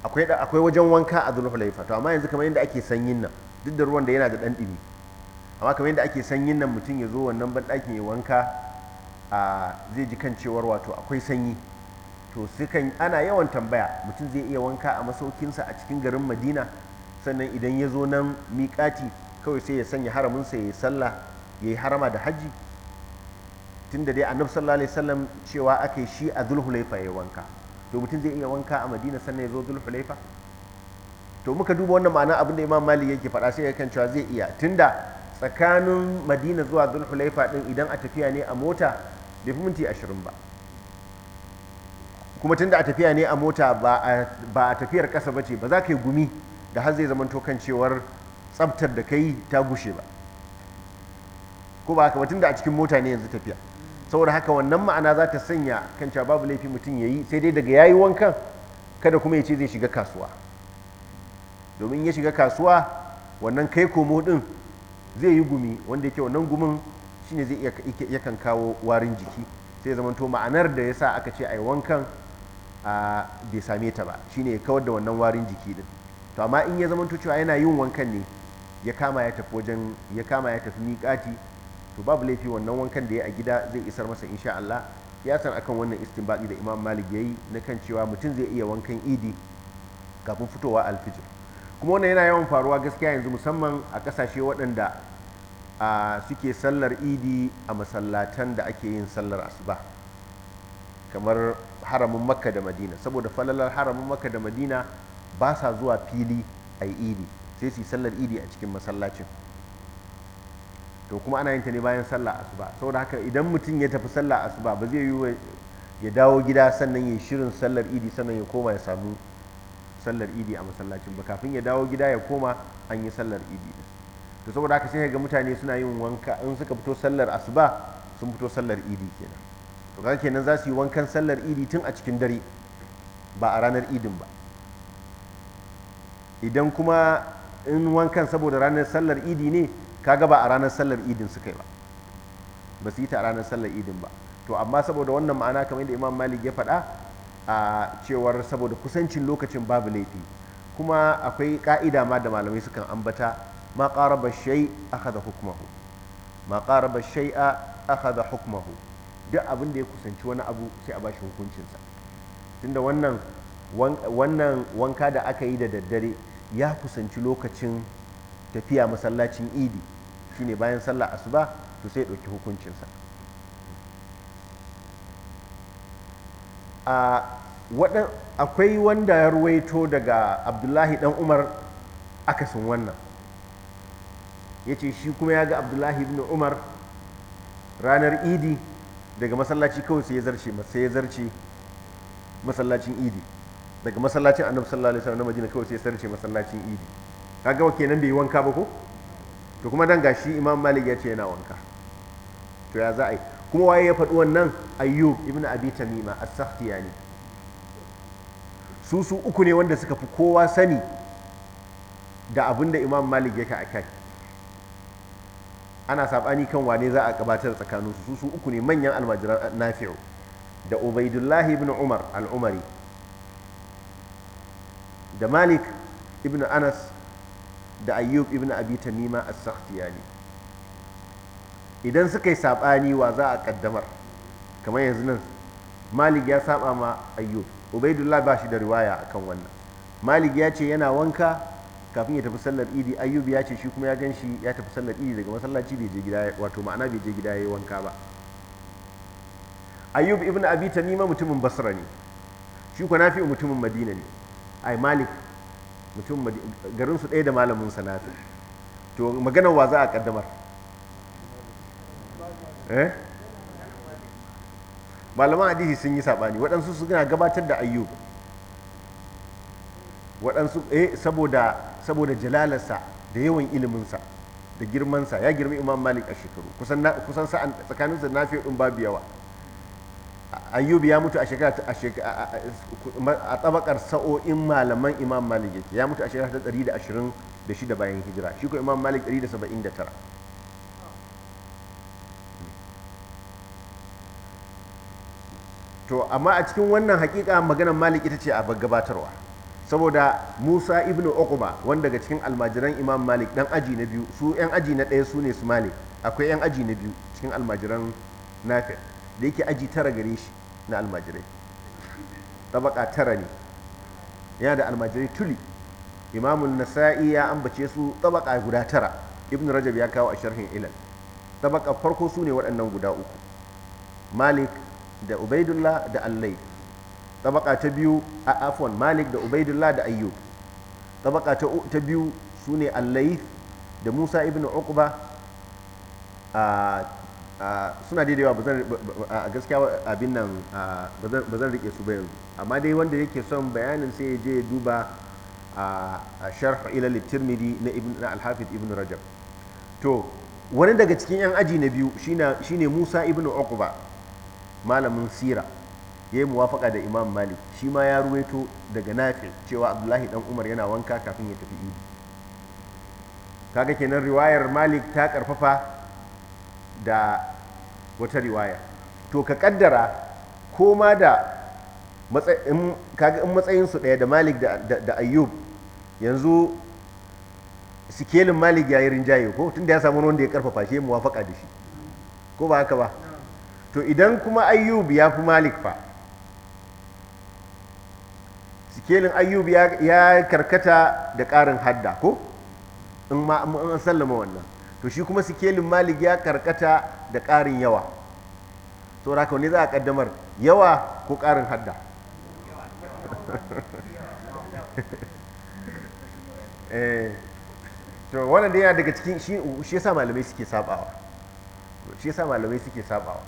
akwai wajen wanka a laifa to amma yanzu kamar yadda ake sanyin nan duk da ruwan da yana da dan dimi amma kamar yadda ake sanyin nan mutum ya zo wannan banɗakin ya wanka a zai ji kan cewar wato akwai sanyi to sukan ana yawan tambaya mutum zai iya wanka a masaukinsa a cikin garin madina sannan idan ya zo nan miƙati kawai sai ya sanya haraminsa ya yi sallah ya yi harama da hajji tun da dai annabi sallallahu alaihi wasallam cewa aka shi a zulhulaifa ya wanka to mutum zai iya wanka a madina sannan ya zo zulhulaifa to muka duba wannan ma'ana abin da imam malik yake faɗa sai ya kan cewa zai iya tunda tsakanin madina zuwa zulhulaifa din idan a tafiya ne a mota bai fi minti ashirin ba kuma tunda a tafiya ne a mota ba a tafiyar ƙasa ba ce ba za ka yi gumi da har zai zama kan cewar tsabtar da kai ta gushe ba ko ba haka ba tunda a cikin mota ne yanzu tafiya saboda haka wannan ma'ana za ta sanya kan cewa babu laifi mutum ya yi sai dai daga ya yi wankan kada kuma ya ce zai shiga kasuwa domin ya shiga kasuwa wannan kai komo din zai yi gumi wanda yake wannan gumin ne zai kan kawo warin jiki sai zama to ma'anar da ya sa aka ce a ai wankan a bai same ta ba shine ya kawar da wannan warin jiki din to amma in ya zama to cewa yana yin wankan ne ya kama ya tafi wajen ya kama ya tafi miƙati to babu laifi wannan wankan da ya a gida zai isar masa insha Allah ya san akan wannan istinbadi da Imam Malik yayi na kan cewa mutum zai iya wankan idi kafin fitowa alfijir kuma wannan yana yawan faruwa gaskiya yanzu musamman a kasashe waɗanda suke sallar idi a masallatan da ake yin sallar asuba kamar haramin makka da madina saboda falalar haramin makka da madina ba sa zuwa fili a idi sai su yi sallar idi a cikin masallacin to kuma ana yin ta ne bayan sallah asuba saboda haka idan mutum ya tafi sallah asuba ba zai yi ya dawo gida sannan ya shirin sallar idi sannan ya koma ya samu sallar idi a masallacin ba kafin ya dawo gida ya koma an yi sallar idi to saboda haka sai ga mutane suna yin wanka in suka fito sallar asuba sun fito sallar idi kenan to kaga kenan za su yi wankan sallar idi tun a cikin dare ba a ranar idin ba idan kuma in wankan saboda ranar sallar idi ne kaga ba a ranar sallar idin suka yi ba ba su yi ta ranar sallar idin ba to amma saboda wannan ma'ana kamar da imam malik ya faɗa a cewar saboda kusancin lokacin babu laifi kuma akwai ka'ida ma da malamai sukan ambata ma ƙara shai aka da hukumahu ma ƙara shai aka da hukumahu duk abin da ya kusanci wani abu sai a bashi hukuncinsa tunda wannan wannan wanka da aka yi da daddare ya kusanci lokacin tafiya masallacin idi shine bayan sallah asuba to sai ɗauki hukuncinsa akwai wanda ya ruwaito daga abdullahi ɗan umar akasin wannan ya ce shi kuma ya ga abdullahi ibn umar ranar idi daga masallaci kawai sai ya zarce sai ya zarce masallacin idi daga masallacin annabi sallallahu alaihi wasallam na madina kawai sai ya zarce masallacin idi kaga kenan bai wanka ba ko to kuma dan gashi imam malik ya ce yana wanka to ya za a yi kuma waye ya faɗi wannan ayyub ibn abi tamima as-sakhtiyani su su uku ne wanda suka fi kowa sani da abin da imam malik yake a kai ana sabani kan wane za a gabatar tsakanin su su uku ne manyan almajiran nafi'u da ubaidullah ibn umar al-umari da malik ibn anas da ayyub ibn abi tamima as-sakhtiyani idan suka yi sabani wa za a kaddamar kamar yanzu nan malik ya saba ma ayyub ubaidullah ba shi da riwaya akan wannan malik ya ce yana wanka kafin ya tafi sallar idi ayyub ya ce shi kuma ya gan ya tafi sallar idi daga masallaci bai je gida wato ma'ana bai je gida ya yi wanka ba ayyub ibn abi tamima mutumin basra ne shi kuwa nafi mutumin madina ne ai malik mutum garin su ɗaya da malamin sanata to maganar wa za a kaddamar eh? malaman hadisi sun yi saɓani waɗansu suna gabatar da ayyub waɗansu eh saboda saboda jalalarsa da yawan iliminsa da girmansa ya girmi imam malik a shekaru kusan sa'an tsakaninsa na fiye ɗin babu yawa ayyubi ya mutu a shekara a tsabakar sa'o'in malaman imam malik ya mutu a shekara ta 126 bayan hijira shi ko imam malik 179 to amma a cikin wannan hakika maganar malik ita ce a gabatarwa saboda musa ibn okuma wanda daga cikin almajiran imam malik dan aji na biyu su yan aji na ɗaya su ne su malik akwai yan aji na biyu cikin almajiran nafi da yake aji tara gare shi na almajirai tabaka tara ne yana da almajirai tuli imamun nasa'i ya ambace su tabaka guda tara ibn rajab ya kawo a sharhin ilal tabaka farko su ne waɗannan guda uku malik da ubaidullah da allai tabaka ta biyu a afon malik da ubaidullah da ayyub tabaka ta biyu su ne allai da musa ibn uqba a Ah, suna da yawa a gaskiya abin nan ba zan rike su ba yanzu amma dai wanda yake son bayanin sai ya je duba a sharh ilal tirmidhi na ibn al ibn rajab to wani daga cikin yan aji na biyu shine musa ibn uqba malamin sira yayi muwafaka da imam malik shi ma ya ruwaito daga nafi cewa abdullahi dan umar yana wanka kafin ya tafi idi kaga kenan riwayar malik ta karfafa da wata riwaya to ka kaddara ko ma da matsayin matsayinsu ɗaya da malik da ayyub yanzu sikelin malik ya yi rinjaye ko tunda ya samu wanda ya karfafa shi muwafaka da shi ko ba haka ba to idan kuma ayyub ya fi malik fa sikelin ayyub ya karkata da ƙarin hadda ko in ma an sallama wannan to shi kuma sikelin malik ya karkata da ƙarin yawa to raka wani za a kaddamar yawa ko ƙarin hadda eh, to wannan da yana daga cikin shi yasa malamai suke sabawa shi yasa malamai suke sabawa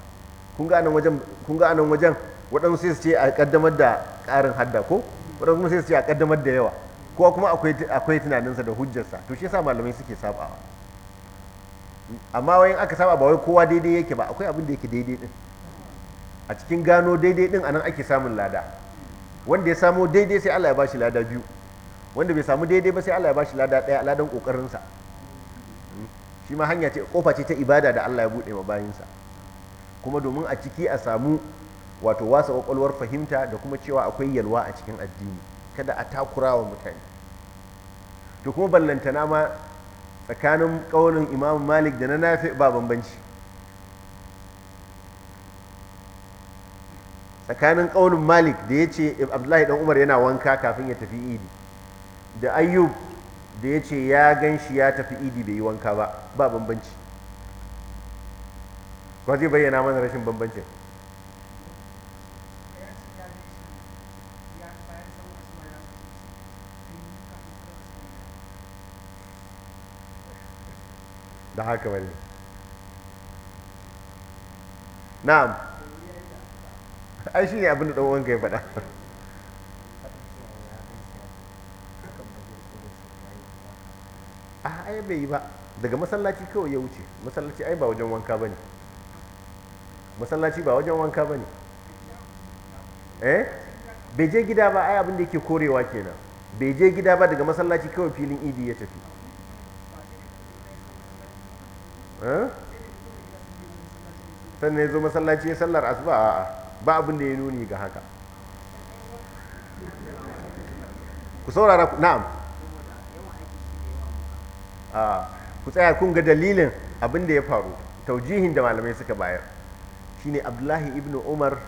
kun ga anan wajen kun ga anan wajen waɗansu sai su ce a kaddamar da ƙarin hadda ko waɗansu kuma sai su ce a kaddamar da yawa ko kuma akwai tunaninsa da hujjarsa to shi yasa malamai suke sabawa amma wayan aka saba ba kowa daidai yake ba akwai abin da yake daidai din a cikin gano daidai din anan ake samun lada wanda ya samo daidai sai Allah ya bashi lada biyu wanda bai samu daidai ba sai Allah ya bashi lada daya ladan kokarin sa hmm. shi ma hanya ce kofa ce ta ibada da Allah ya bude ma bayinsa kuma domin a ciki a samu wato wasa kwakwalwar fahimta da kuma cewa akwai yalwa a cikin addini kada a takura wa mutane to kuma ballantana ma tsakanin ƙaunin imam malik da na nafi ba bambanci tsakanin ƙaunin malik da ya ce abdullahi dan umar yana wanka kafin ya tafi idi da ayyub da ya ce ya gan shi ya tafi idi bai yi wanka ba ba bambanci ba zai bayyana mana rashin bambancin da haka bane na'am ai ne abin da dan ya faɗa ah, ai bai yi ba daga masallaci kawai ya wuce masallaci ai ba wajen wanka ne masallaci ba wajen wanka ne eh bai je gida ba ai abin da yake korewa kenan bai je gida ba daga masallaci kawai filin idi ya tafi sannan ya zo masallaci ya sallar asuba a'a ba abin da ya nuni ga haka ku saurara ku na'am ku tsaya kun ga dalilin abin da ya faru taujihin da malamai suka bayar shine abdullahi ibnu umar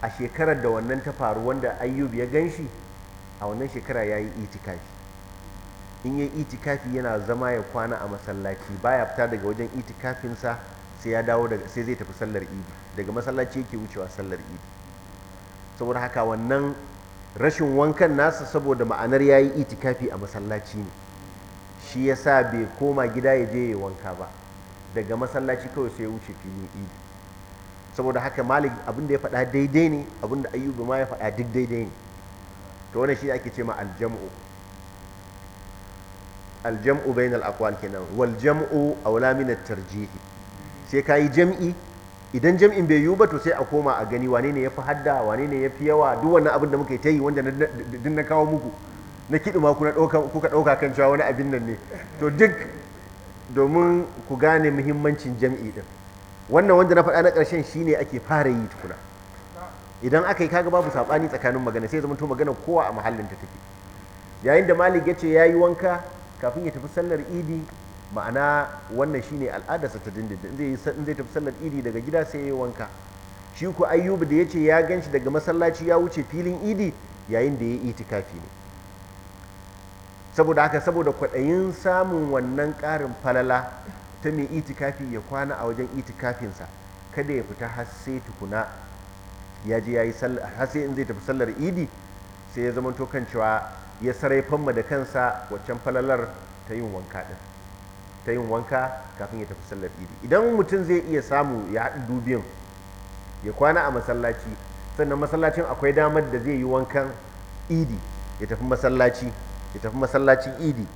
a shekarar da wannan ta faru wanda ayyub ya gan shi a wannan shekara ya yi itikafi in yi itikafi yana zama ya kwana a masallaci baya fita daga wajen itikafinsa sai ya dawo daga sai zai tafi sallar idi daga masallaci yake wucewa sallar idi saboda haka wannan rashin wankan nasa saboda ma'anar ya yi itikafi a masallaci ne shi ya sa bai koma gida ya je ya wanka ba daga masallaci kawai sai ya wuce filin idi saboda haka malik abin ya faɗa daidai ne abin da ayyubu ma ya faɗa duk daidai ne to wannan shi ake ce ma aljam'u aljam'u bainal aqwal kenan wal jam'u aula min at-tarjihi sai ka yi jam'i idan jam'in bai yiwu ba to sai a koma a gani wane ne ya fi hadda wane ne ya fi yawa duk wannan abin da muka yi ta yi wanda na kawo muku na kiɗi ma kuka ɗauka kan cewa wani abin nan ne to duk domin ku gane muhimmancin jam'i ɗin wannan wanda na faɗa na ƙarshen shine ake fara yi tukuna idan aka yi kaga babu saɓani tsakanin magana sai zama to magana kowa a mahallin ta tafi yayin da malik ya ce ya yi wanka kafin ya tafi sallar idi ma'ana wannan shine al'adarsa ta dindindin zai zai tafi sallar idi daga gida sai ya yi wanka shi ku ayyubu da ya ce ya ganci daga masallaci ya wuce filin idi yayin da ya yi itikafi ne saboda haka saboda kwaɗayin samun wannan ƙarin falala ta mai itikafi ya kwana a wajen itikafinsa kada ya fita har sai tukuna ya je ya yi in zai tafi sallar idi sai ya zama to ya sarai famma da kansa waccan falalar ta yin wanka ɗin ta yin wanka kafin ya tafi sallar idi idan mutum zai iya samu ya haɗu dubiyan ya kwana a masallaci sannan masallacin akwai damar da zai yi wankan idi ya tafi masallaci ya tafi masallacin idi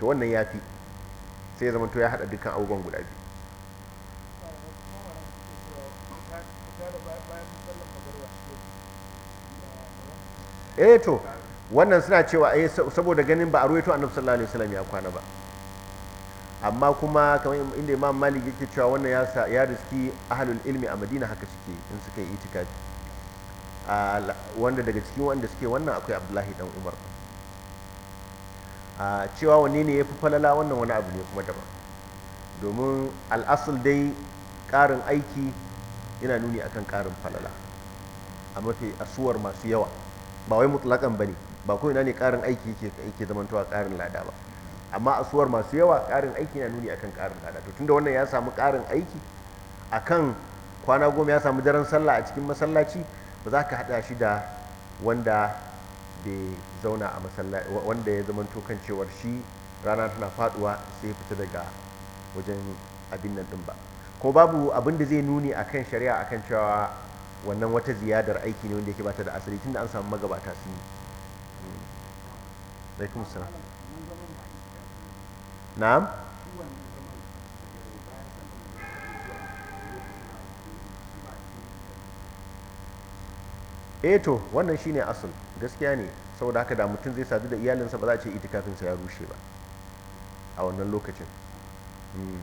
to wannan ya fi sai ya zama to ya haɗa dukkan abubuwan guda biyu eh to wannan suna cewa eh, saboda ganin ba a ruwaito annabi sallallahu alaihi wasallam ya kwana ba amma kuma kamar inda imam malik yake cewa wannan ya ya riski ahalul ilmi a madina haka suke in suka yi itikafi wanda daga cikin wanda suke wannan akwai abdullahi dan umar a cewa wanne ne ya fi falala wannan wani abu ne kuma daban domin al'asul dai ƙarin aiki yana nuni akan ƙarin falala a mafi asuwar masu yawa ba wai mutlakan ba ne ba ko ina ne ƙarin aiki yake zamantowa ƙarin lada ba amma asuwar masu yawa karin aiki na nuni akan karin lada to tunda wannan ya samu karin aiki akan kwana goma ya samu daren sallah a cikin masallaci ba za ka haɗa shi da wanda bai zauna a masallaci wanda ya zama kan cewar shi rana tana faduwa sai fita daga wajen abin nan din ba ko babu abin da zai nuni akan shari'a akan cewa wannan wata ziyadar aiki ne wanda yake bata da asali tunda an samu magabata sun yi. na'am eh to wannan shine asul gaskiya ne saboda haka da mutum zai sadu da iyalinsa ba za a ce itikafinsa ya rushe ba a wannan lokacin hmm.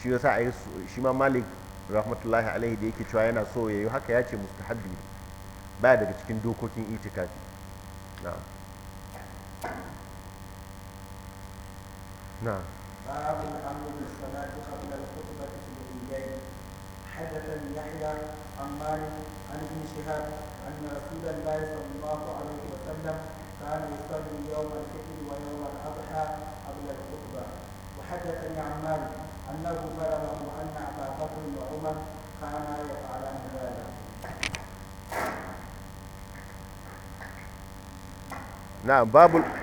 shi yasa a shi ma malik rahmatullahi alaihi da yake cewa yana so ya yi haka ya ce mustahabbi ne baya daga cikin dokokin itikafi na'am نعم باب الامر بالصلاه قبل الخطبه الصبحيين حدثني يحيى عن مالك عن ابن شهاب ان رسول الله صلى الله عليه وسلم كان يصلي يوم الفطر ويوم الاضحى قبل الخطبه وحدثني عن مالك انه بلغه ان ابا بكر وعمر كانا يفعلان ذلك نعم باب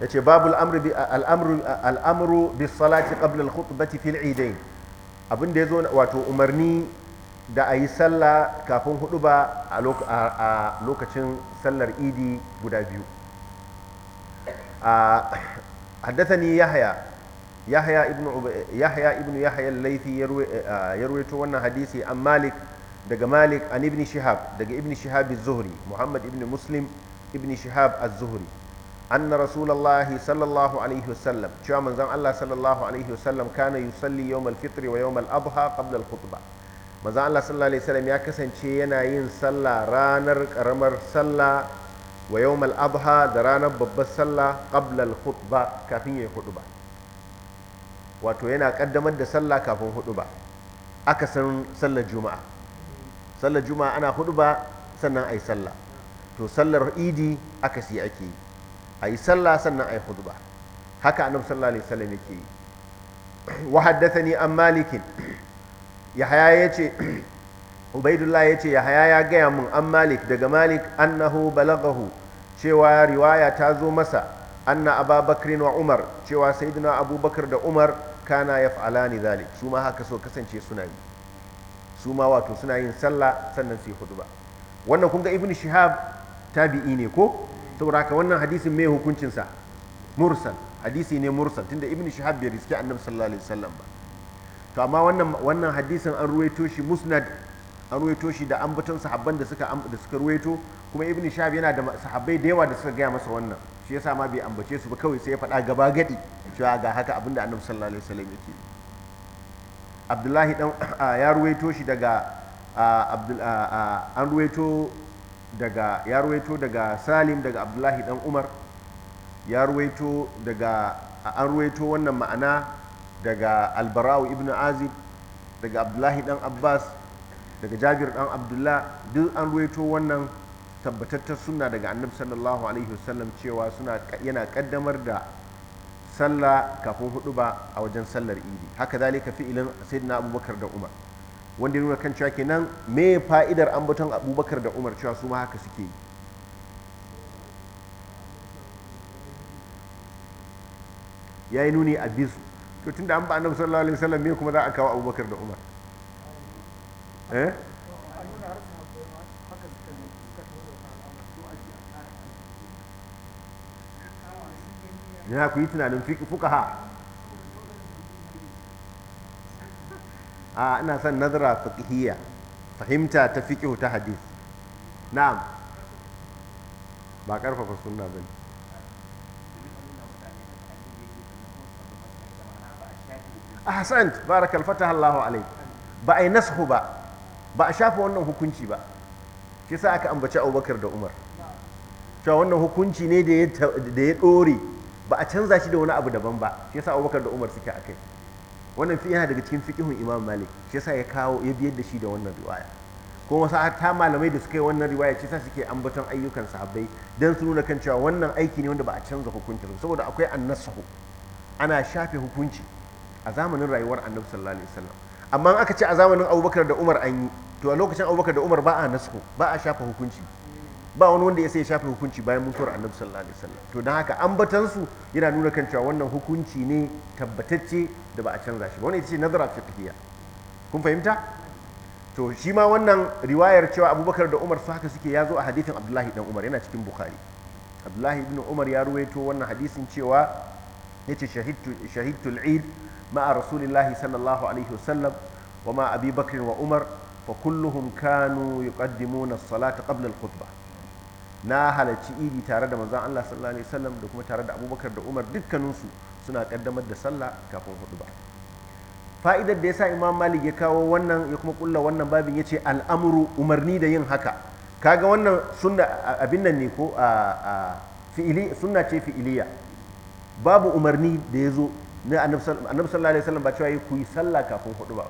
yace babu al'amru bi salati qabla al-khutbati fil idain abin da zo wato umarni da a yi sallah kafin hudu ba a lokacin sallar idi guda biyu haddathani yahya yahya ibn yahya ibn yahya al-laythi wannan hadisi an malik daga malik an ibn shihab daga ibn shihab az-zuhri muhammad ibn muslim ibn shihab az-zuhri anna rasulullahi sallallahu alaihi wasallam cewa manzon Allah sallallahu alaihi wasallam kana yusalli yawmal fitri wa yawmal adha qabla al khutbah manzon Allah sallallahu alaihi wasallam ya kasance yana yin sallah ranar karamar sallah wa yawmal adha da ranar babbar sallah qabla al khutbah kafin yayi khutba wato yana kaddamar da sallah kafin khutba aka san sallar juma'a sallar juma'a ana khutba sannan ai sallah to sallar idi aka si ake yi a yi sallah sannan a yi khutba haka annabi sallallahu alaihi wasallam yake yi wa ni an malikin yahaya yace ubaidullah yace yahaya ya gaya mun an malik daga malik annahu balagahu cewa riwaya ta zo masa anna ababakrin wa umar cewa sayyidina abubakar da umar kana yaf'alani zalik su ma haka so kasance suna yi su ma wato suna yin sallah sannan su yi hudu ba wannan kun ga shihab tabi'i ne ko saboda haka wannan hadisin mai hukuncinsa mursal hadisi ne mursal tunda ibn shahab bai riske annabi sallallahu alaihi wasallam ba to amma wannan wannan hadisin an ruwaito shi musnad an ruwaito shi da ambaton sahabban da suka da suka ruwaito kuma ibn shahab yana da sahabbai da yawa da suka gaya masa wannan shi yasa ma bai ambace su ba kawai sai ya faɗa gaba gadi cewa ga haka abinda annabi sallallahu alaihi wasallam yake abdullahi dan ya ruwaito shi daga an ruwaito daga ya ruwaito daga salim daga abdullahi dan umar ya ruwaito daga an ruwaito wannan ma'ana daga albarawu ibn azib daga abdullahi dan abbas daga jabir dan abdullah duk an ruwaito wannan tabbatattar suna daga annabi sallallahu alaihi wasallam cewa suna yana kaddamar da sallah kafin hudu ba a wajen sallar idi haka zalika fi'ilin sayyidina abubakar da umar wanda ya nuna kan cewa kenan me fa'idar ambaton abubakar da umar cewa su ma haka suke yi ya yi nuni a bisu to tun da an ba annabi sallallahu alaihi wasallam me kuma za a kawo abubakar da umar eh ya ku yi tunanin fuka ha a ina son nazara fiqhiyya fahimta ta fiqhu ta hadis na'am ba karfafa sunna bane ahsant barakal fatah allah alai ba ai nashu ba ba a shafa wannan hukunci ba shi sa aka ambaci Abubakar da Umar cewa wannan hukunci ne da ya dore ba a canza shi da wani abu daban ba shi sa Abubakar da Umar suke akai wannan fi yana daga cikin fiƙihun imam malik shi yasa ya kawo ya biyar da shi da wannan riwaya kuma wasu ta malamai da suka yi wannan riwaya ce sa suke ambaton ayyukan sahabbai dan su nuna kan cewa wannan aiki ne wanda ba a canza hukunci ba saboda akwai annasahu ana shafe hukunci a zamanin rayuwar annabi sallallahu alaihi wasallam amma aka ce a zamanin abubakar da umar an yi to a lokacin abubakar da umar ba a nasu ba a shafa hukunci ba wani wanda ya sai shafe hukunci bayan mutuwar annabi sallallahu alaihi wasallam to don haka ambatan su yana nuna kan cewa wannan hukunci ne tabbatacce da ba a canza shi ba wani ita ce nazara fiqhiyya kun fahimta to shi ma wannan riwayar cewa abubakar da umar su haka suke ya zo a hadisin abdullahi dan umar yana cikin bukhari abdullahi ibn umar ya ruwaito wannan hadisin cewa yace shahidtu shahidtul eid ma'a rasulillahi sallallahu alaihi wasallam wa ma abi wa umar fa kulluhum kanu yuqaddimuna as-salata qabla al-khutbah na halarci idi tare da manzon Allah sallallahu alaihi wasallam da kuma tare da Abubakar da Umar dukkaninsu suna kaddamar da sallah kafin hudu ba fa'idar da yasa Imam Malik ya kawo wannan ya kuma kulla wannan babin yace al'amru umarni da yin haka kaga wannan sunna abin nan ne ko a fi'ili sunna ce fi'iliya babu umarni da ya zo na annabi sallallahu alaihi wasallam ba cewa ku yi sallah kafin hudu ba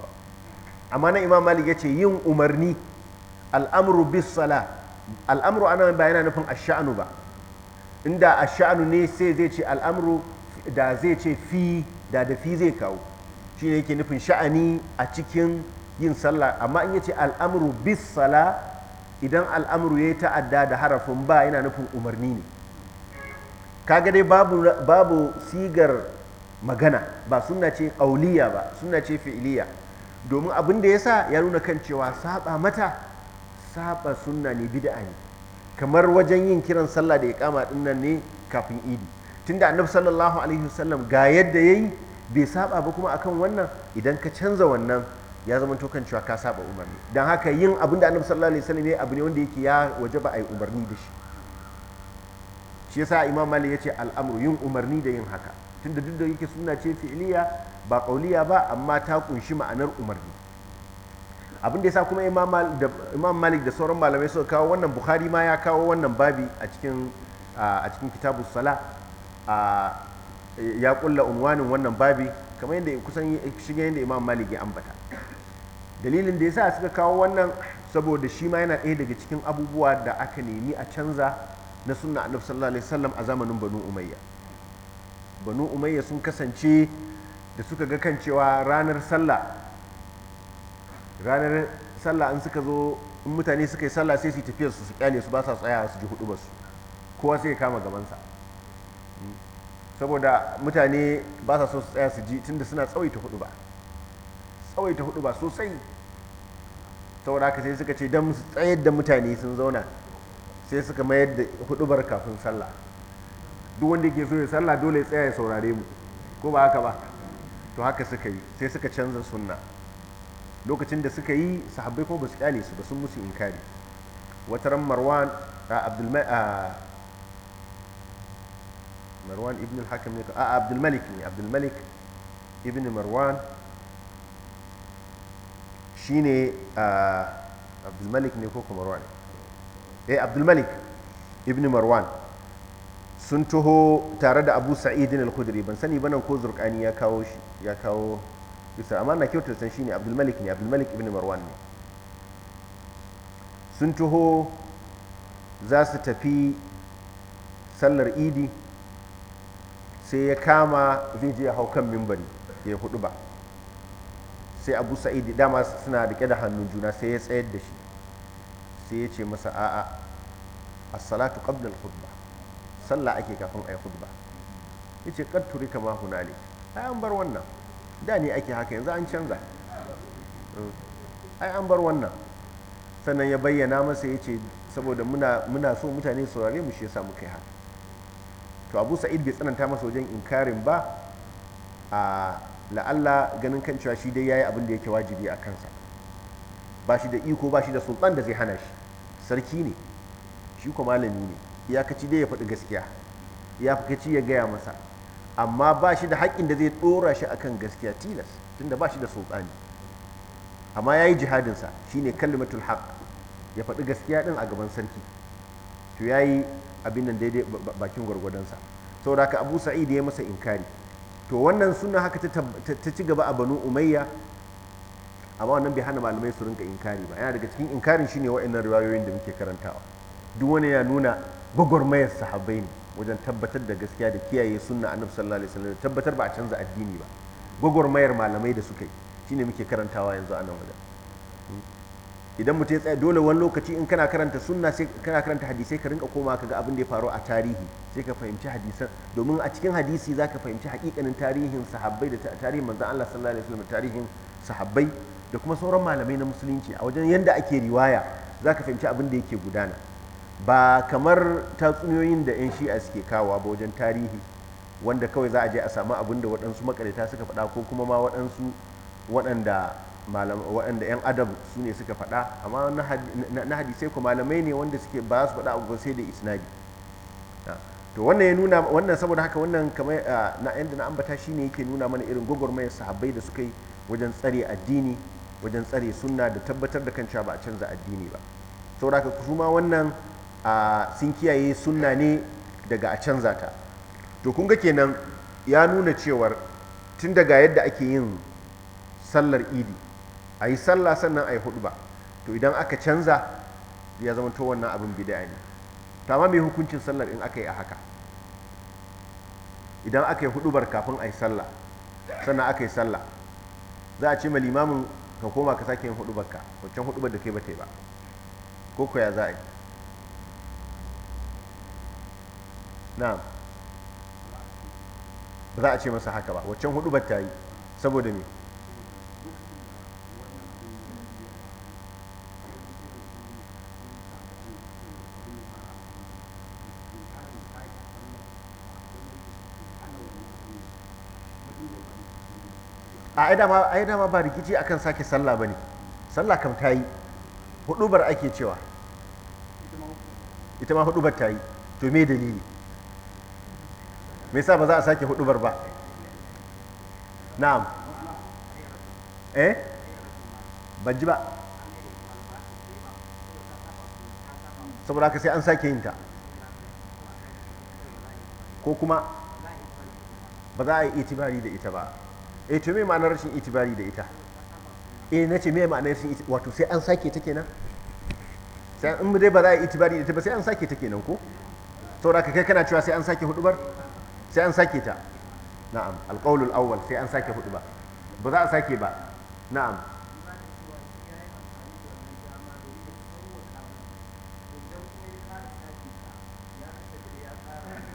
amma na Imam Malik yace yin umarni al'amru bis salah al'amru ana ba yana nufin ash'anu ba inda ash'anu ne sai zai ce al'amru da zai ce fi da da fi zai kawo shi ne yake nufin sha'ani a cikin yin sallah amma in yace al'amru bis sala idan al'amru ya yi ta'adda da harafin ba yana nufin umarni ne kaga dai babu sigar magana ba suna ce ƙauliya ba suna ce fi'iliya domin abin da ya sa ya nuna kan cewa saba mata saba sunna ne bid'a ne kamar wajen yin kiran sallah da ya din nan ne kafin idi tunda annabi sallallahu alaihi wasallam ga yadda yayi bai saba ba kuma akan wannan idan ka canza wannan ya zama to cewa ka saba umarni dan haka yin abin da annabi sallallahu alaihi wasallam ya abu ne wanda yake ya wajaba ai umarni da shi shi yasa imam malik yace al'amru yin umarni da yin haka tunda duk da yake sunna ce fi'liya ba qauliya ba amma ta kunshi ma'anar umarni abin da ya sa kuma imam malik da sauran malamai suka kawo wannan bukhari ma ya kawo wannan babi a cikin kitabu sala ya kulla unwanin wannan babi kamar yadda kusan shiga yadda imam malik ya ambata dalilin da ya sa suka kawo wannan saboda shi ma yana ɗaya daga cikin abubuwa da aka nemi a canza na sunna annabi sallallahu alaihi wasallam a zamanin banu umayya banu umayya sun kasance da suka ga kan cewa ranar sallah ranar sallah an suka zo in mutane suka yi sallah sai su tafiyar su su kyale su ba sa tsaya su ji hudu ba su kowa sai ya kama gabansa saboda mutane ba sa so su tsaya su ji tunda suna tsawaita hudu ba tsawaita hudu ba sosai saboda haka sai suka ce don su tsayar da mutane sun zauna sai suka mayar da bar kafin sallah duk wanda ke so ya sallah dole ya tsaya ya saurare mu ko ba haka ba to haka suka yi sai suka canza sunna lokacin da suka yi sahabbai ko ba su kyale su ba sun musu inkari wata ran marwan a marwan ibn al-hakam ne a abdulmalik ne abdulmalik ibn marwan ne a abdulmalik ne ko kuma marwan eh abdulmalik ibn marwan sun taho tare da abu sa'idin al-khudri ban sani ba nan ko zurkani ya kawo shi ya kawo isa amma na kyautar san shine abdul malik ne abdul malik ibn marwan ne sun taho za su tafi sallar idi sai ya kama zai je hau kan mimbari ya hudu ba sai abu sa'idi dama suna rike da hannun juna sai ya tsayar da shi sai ya ce masa a'a as-salatu qabla al-khutbah sallah ake kafin ayi khutba yace qad turika ma hunalik ai bar wannan da ne ake haka yanzu an canza mm. ai an bar wannan sannan ya bayyana masa ya ce saboda muna so mutane saurare mu shi ya muka yi haka to abu sa'id bai tsananta masa wajen inkarin ba a la'alla ganin kan cewa shi dai ya yi abin da yake wajibi a kansa ba shi da iko ba shi da sultan da zai hana shi sarki ne shi kuma malami ne iyakaci dai ya faɗi gaskiya iyakaci ya gaya masa amma ba shi da haƙƙin da zai ɗora shi akan gaskiya tilas tunda ba shi da sultani amma ya yi jihadinsa ne kalmatul haq ya faɗi gaskiya ɗin a gaban sarki to ya yi abin nan daidai bakin gwargwadonsa saboda haka abu sa'id ya masa inkari to wannan suna haka ta ci gaba a banu umayya amma wannan bai hana malamai su rinka inkari ba yana daga cikin inkarin shine wa'annan riwayoyin da muke karantawa duk wani ya nuna gwagwarmayar sahabbai ne wajen tabbatar da gaskiya da kiyaye sunna annabi sallallahu alaihi wasallam tabbatar ba a canza addini ba gwagwarmayar malamai da suka yi shi ne muke karantawa yanzu a nan wajen idan mutum ya tsaya dole wani lokaci in kana karanta sunna sai kana karanta hadisai ka rinka koma kaga abin da ya faru a tarihi sai ka fahimci hadisan domin a cikin hadisi zaka fahimci hakikanin tarihin sahabbai da tarihin manzon Allah sallallahu alaihi wasallam tarihin sahabbai da kuma sauran malamai na musulunci a wajen yanda ake riwaya zaka fahimci abin da yake gudana ba kamar tatsuniyoyin da 'yan shi'a suke kawa ba wajen tarihi wanda kawai za a je a samu abin da waɗansu makarita suka faɗa ko kuma ma waɗansu waɗanda 'yan adam su ne suka faɗa amma na hadisai ko malamai ne wanda suke ba su faɗa abu sai da isnadi ah, to wannan ya nuna wannan saboda haka wannan kamar ah, na yanda na ambata shi ne yake nuna mana irin gwagwarmayar sahabbai da suka yi wajen tsare addini wajen tsare sunna da tabbatar da kan cewa ba a canza addini ba saboda haka kuma wannan a sun kiyaye sunna ne daga a canza ta to kunga kenan ya nuna cewar tun daga yadda ake yin sallar idi a yi sallah sannan a yi ba to idan aka canza ya zama to wannan abin bid'a ne ta ma mai hukuncin sallar in aka yi a haka idan aka yi hudubar kafin a yi sallah sannan aka yi sallah za a ce ma limamin ka koma ka sake yin ka wancan hudubar da kai ba ta yi ba ko ko ya za a yi na'am ba za a ce masa haka ba waccan hudu ba ta yi saboda me a yi dama ba rikici akan sake sallah ba ne sallah kam ta yi hudubar ake cewa ita ma hudubar ta yi to me dalili me yasa ba za a sake bar ba na'am eh ban ji ba saboda haka sai an sake yin ta ko kuma ba za a yi itibari da ita ba E to me ma'anar rashin itibari da ita eh na ce me ma'anar rashin itibari wato sai an sake ta kenan sai in dai ba za a yi itibari da ita ba sai an sake ta kenan ko saboda haka kai kana cewa sai an sake hudubar sai an sake ta na'am alƙaulul awwal sai an sake hudu ba ba za a sake ba na'am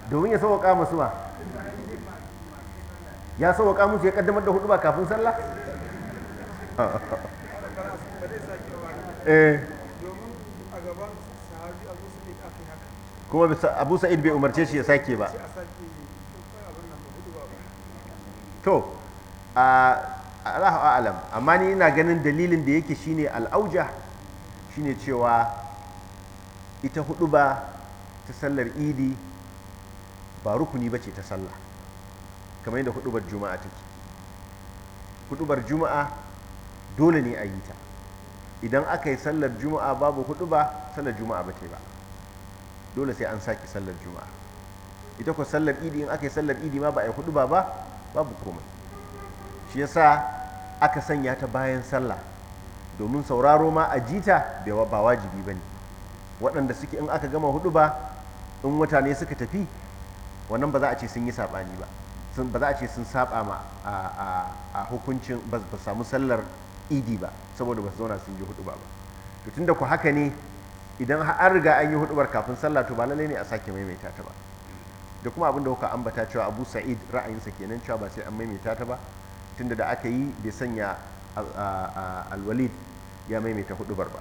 domin ya sauwaƙa masu ba ya sauwaƙa musu ya kaddamar da hudu ba kafin sallah eh. kuma abu sa'id bai umarce shi ya sake ba to alahu a'lam amma ni ina ganin dalilin da yake shine al'auja shine cewa ita hudu ba ta sallar idi ba rukuni ba ce ta sallah kamar yadda hudubar juma'a take hudubar juma'a dole ne a yi ta idan aka yi sallar juma'a babu hudu ba sallar juma'a ba ce ba dole sai an sake sallar juma'a ita ku sallar idi in aka yi sallar idi ma ba a yi hudu ba ba babu komai shi yasa aka sanya ta bayan sallah domin sauraro ma a jita ba wajibi ba ne waɗanda suke in aka gama hudu ba in wata ne suka tafi wannan ba za a ce sun yi saɓani ba ba za a ce sun saba ma a hukuncin ba su samu sallar idi ba saboda ba su zauna sun yi hudu ba ba tunda ku haka ne idan an riga an yi hudubar kafin sallah to ba lallai ne a sake maimaita ta ba da kuma abin da kuka ambata cewa abu sa'id ra'ayinsa kenan cewa ba sai an maimaita ta ba tunda da aka yi bai sanya alwalid ya maimaita hudu barba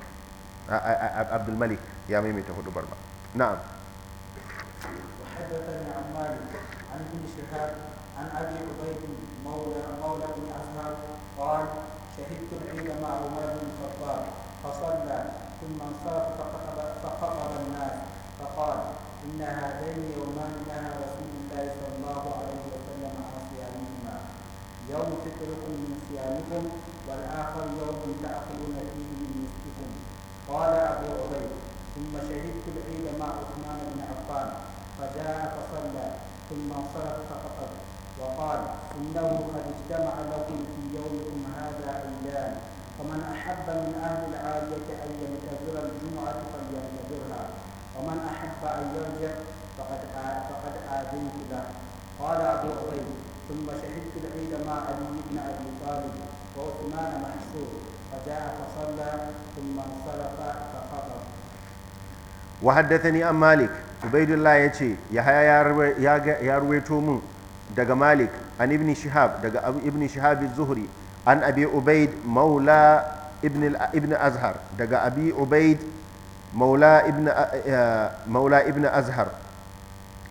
abdul malik ya maimaita hudu barba na'am عن ابي عبيد مولى مولى بن عمار قال شهدت العيد مع عمر بن الخطاب فصلى ثم انصرف فخطب الناس فقال ان هذين ربكم والآخر يوم تأخذون فيه من نفسكم قال أبو عبيد ثم شهدت العيد مع عثمان بن عفان فجاء فصلى ثم انصرف فخطب وقال إنه قد اجتمع لكم في يومكم هذا أيام ومن أحب من أهل العالية أن ينتظر الجمعة فلينتظرها ومن أحب أن يرجع فقد فقد آذنت له قال أبو عبيد ثم شهدت العيد مع علي بن أبي طالب وعثمان محسوب فجاء فصلى ثم انصرف فخطب وحدثني عن مالك عبيد الله يتي يحيى يا daga Malik an ibn Shihab daga ibn Shihab zuhri an Abi Ubaid maula ibn ibn Azhar daga Abi Ubaid maula ibn maula Azhar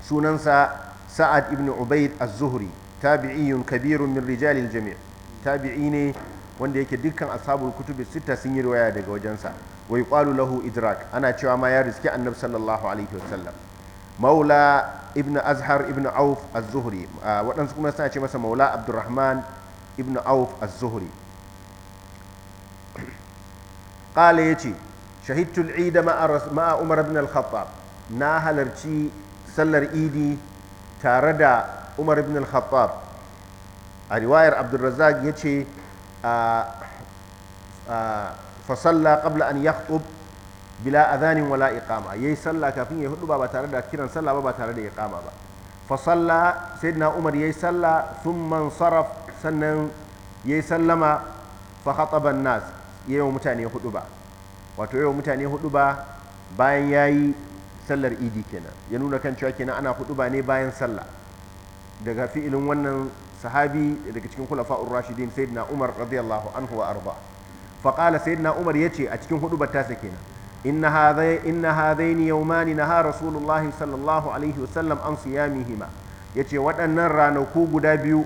sunansa Sa'ad ibn Ubaid az-Zuhri tabi'iyyun kabiru min rijalil jami' tabi'i ne wanda yake dukkan ashabul kutubi sita sun yi riwaya daga wajensa wa yuqalu lahu idrak ana cewa ma ya riski annabi sallallahu alaihi wasallam maula ibn azhar ibn auf az-zuhri waɗansu kuma suna ce masa maula abdurrahman ibn auf az-zuhri qala yace shahidtu al-eid ma'a umar ibn al-khattab na halarci sallar idi tare da umar ibn al-khattab a riwayar abdulrazak ya ce fasalla qabla an yakhutub bila adhanin wala iqama yai sallah kafin ya hudu ba tare da kiran sallah ba ba tare da iqama ba fasalla sayyidina umar yayi sallah man saraf sannan yayi sallama fa khataba nas yayi mutane hudu ba wato yayi mutane hudu ba bayan yayi sallar idi kenan ya nuna kan cewa kenan ana hudu ba ne bayan sallah daga fi'ilin wannan sahabi daga cikin khulafa'ur rashidin sayyidina umar radiyallahu anhu wa arda faqala sayyidina umar yace a cikin hudu battasa kenan inna hadha inna hadaini yawmani naha rasulullahi sallallahu alaihi sallam an siyamihima yace waɗannan ranaku guda biyu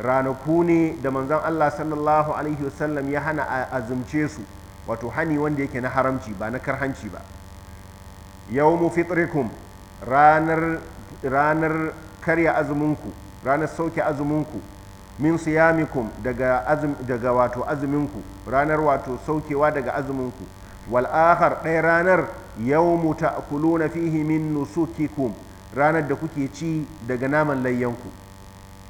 ranaku ne da manzon Allah sallallahu alaihi sallam ya hana azumce su wato hani wanda yake na haramci ba na karhanci ba yawmu fitrikum ranar ranar karya azuminku ranar sauke azuminku min siyamikum daga azum daga wato azuminku ranar wato saukewa daga azuminku wal akhar ɗaya ranar yawmu ta'kuluna fihi min nusukikum ranar da kuke ci daga naman layyanku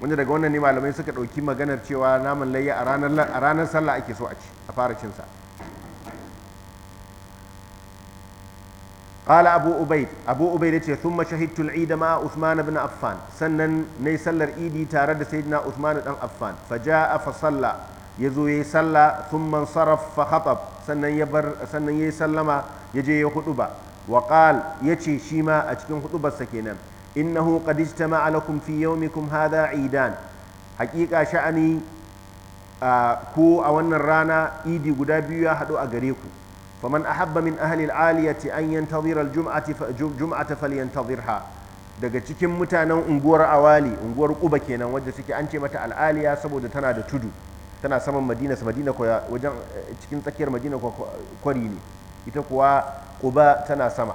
wanda daga wannan ne malamai suka ɗauki maganar cewa naman layya a ranar sallah ake so a ci a fara cinsa qala abu ubaid abu ubaid yace sun shahidtu al-eid ma uthman ibn affan sannan nayi sallar idi tare da saidna usman dan affan faja'a fa salla yazo yayi salla thumma saraf fa khatab sannan ya bar sannan yayi sallama yaje ya huduba wa qala yace shi ma a cikin hudubarsa kenan innahu qad ijtama'a lakum fi yawmikum hadha idan haqiqa sha'ani ko a wannan rana idi guda biyu ya haɗu a gare ku faman ahabba min ahli aliyati an yantazira aljum'ata falyantazirha daga cikin mutanen unguwar awali unguwar kuba kenan wadda suke an ce mata al'aliya saboda tana da tudu tana saman madina madina wajen cikin tsakiyar madina kwari ne ita kuwa kuba tana sama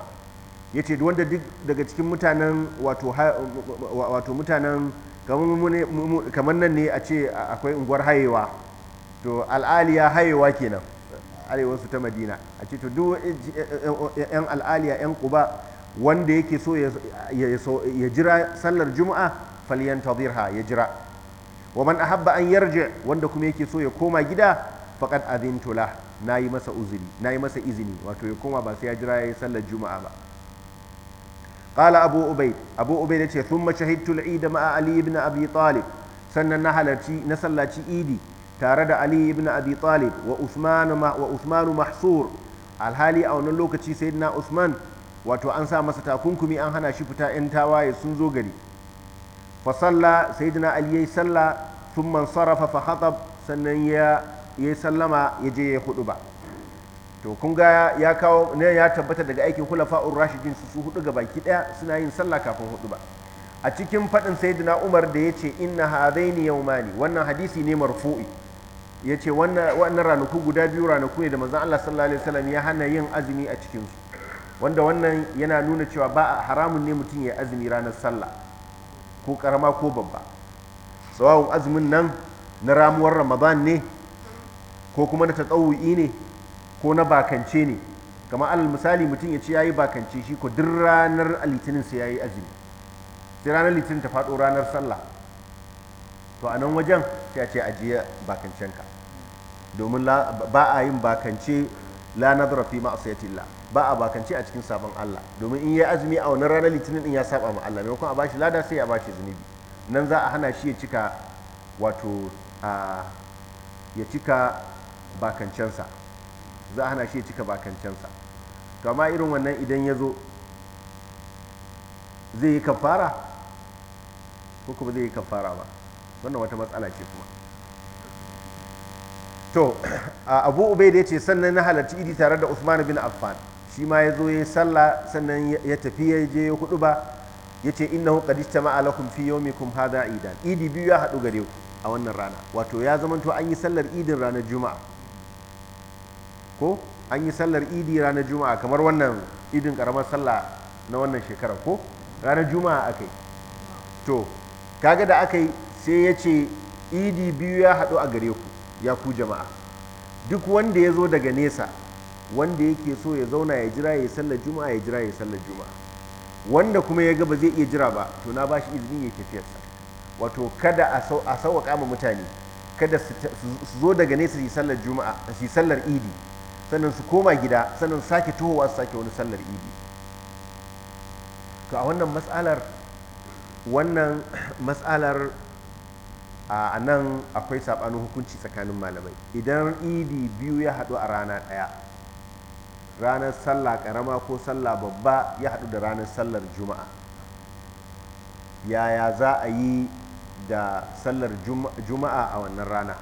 ya ce wanda duk daga cikin mutanen wato mutanen kamar nan ne a ce akwai unguwar hayewa to al'aliya hayewa kenan arewarsu ta madina a ce to duk eh, eh, eh, yan al'aliya yan kuba wanda yake so ya jira sallar juma'a falyantadirha ya jira wa man ahabba an yarje wanda kuma yake so ya koma gida faqad adhintu na nayi masa uzuri nayi masa izini wato ya koma ba sai ya jira yayi sallar juma'a ba قال أبو أبيد أبو أبيد ثم شهدت العيد مع علي بن أبي طالب سنة نحلتي نسلتي إيدي tare da ali ibn abi talib wa usmanu wa Uthman mahsur alhali a wannan lokaci sayyidina usman wato an sa masa takunkumi an hana shi fita in tawaye sun zo gari fa salla sayyidina ali yayi salla thumma sarafa fa khatab sannan ya yayi sallama ya je ya hudu ba to kun ga ya kawo ne ya tabbata daga aikin ur rashidin su hudu ga baki daya suna yin sallah kafin hudu ba a cikin faɗin sayyidina umar da ya ce inna hadaini yaumani wannan hadisi ne marfu'i ya ce wannan ranaku guda biyu ranaku ne da mazan Allah sallallahu alaihi wasallam ya hana yin azumi a cikin su wanda wannan yana nuna cewa ba haramun ne mutum ya azumi ranar sallah ko karama ko babba tsawon azumin nan na ramuwar ramadan ne ko kuma na tatsawu'i ne ko na bakance ne kamar alal misali mutum ya ce ya yi bakance shi ko duk ranar litinin sai ya yi azumi sai ranar litinin ta faɗo ranar sallah to a nan wajen sai a ce ajiye bakancenka domin ba a yin bakance la nadra fi ma'asiyatillah ba a bakance a cikin sabon Allah domin in yi azumi a wannan ranar litinin din ya saba ma Allah maimakon a bashi lada sai a bashi zunubi nan za a hana shi ya cika wato ya cika bakancensa za a hana shi ya cika bakancensa to amma irin wannan idan ya zo zai yi kafara ko kuma zai yi kafara ba wannan wata matsala ce kuma to abu ubaida ya ce sannan na halarci idi tare da usman bin affan shi ma ya zo ya yi sallah sannan ya tafi ya je ya hudu ba ya ce innahu qad istama'a lakum fi kun hadha idan idi biyu ya haɗu gare ku a wannan rana wato ya zama to an yi sallar idin ranar juma'a ko an yi sallar idi ranar juma'a kamar wannan idin karamar sallah na wannan shekarar ko ranar juma'a aka yi to kaga da aka yi sai ya ce idi biyu ya haɗu a gare ku ya ku jama'a duk wanda ya zo daga nesa wanda yake so ya zauna ya jira ya sallar juma'a ya jira ya sallar juma'a wanda kuma ya ga ba zai iya jira ba to na ba shi izini ya tafiyarsa wato kada a sauƙaƙa kama mutane kada su zo daga nesa su sallar juma'a su sallar idi sannan su koma gida sannan sake tuhowa su sake wani sallar idi to a wannan matsalar wannan matsalar a nan akwai sabanin hukunci tsakanin malamai idan idi biyu ya haɗu a rana ɗaya ranar sallah ƙarama ko sallah babba ya haɗu da ranar sallar juma'a yaya za a yi da sallar juma'a a wannan rana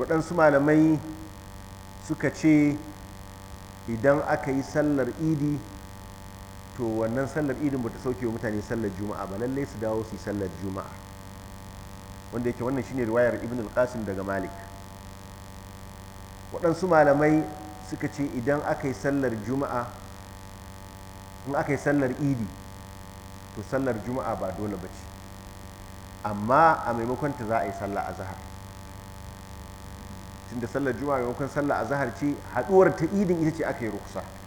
waɗansu malamai suka ce idan aka yi sallar idi to wannan sallar idin ba ta sauke wa mutane sallar juma'a ba lalle su dawo su sallar juma'a wanda yake wannan shine riwayar ibn al-qasim daga malik waɗansu malamai suka ce idan aka yi sallar juma'a in aka yi sallar idi to sallar juma'a ba dole ba ce amma a maimakon ta za a yi sallar azahar tunda sallar juma'a maimakon sallar azahar ce haɗuwar ta idin ita ce aka yi rukusa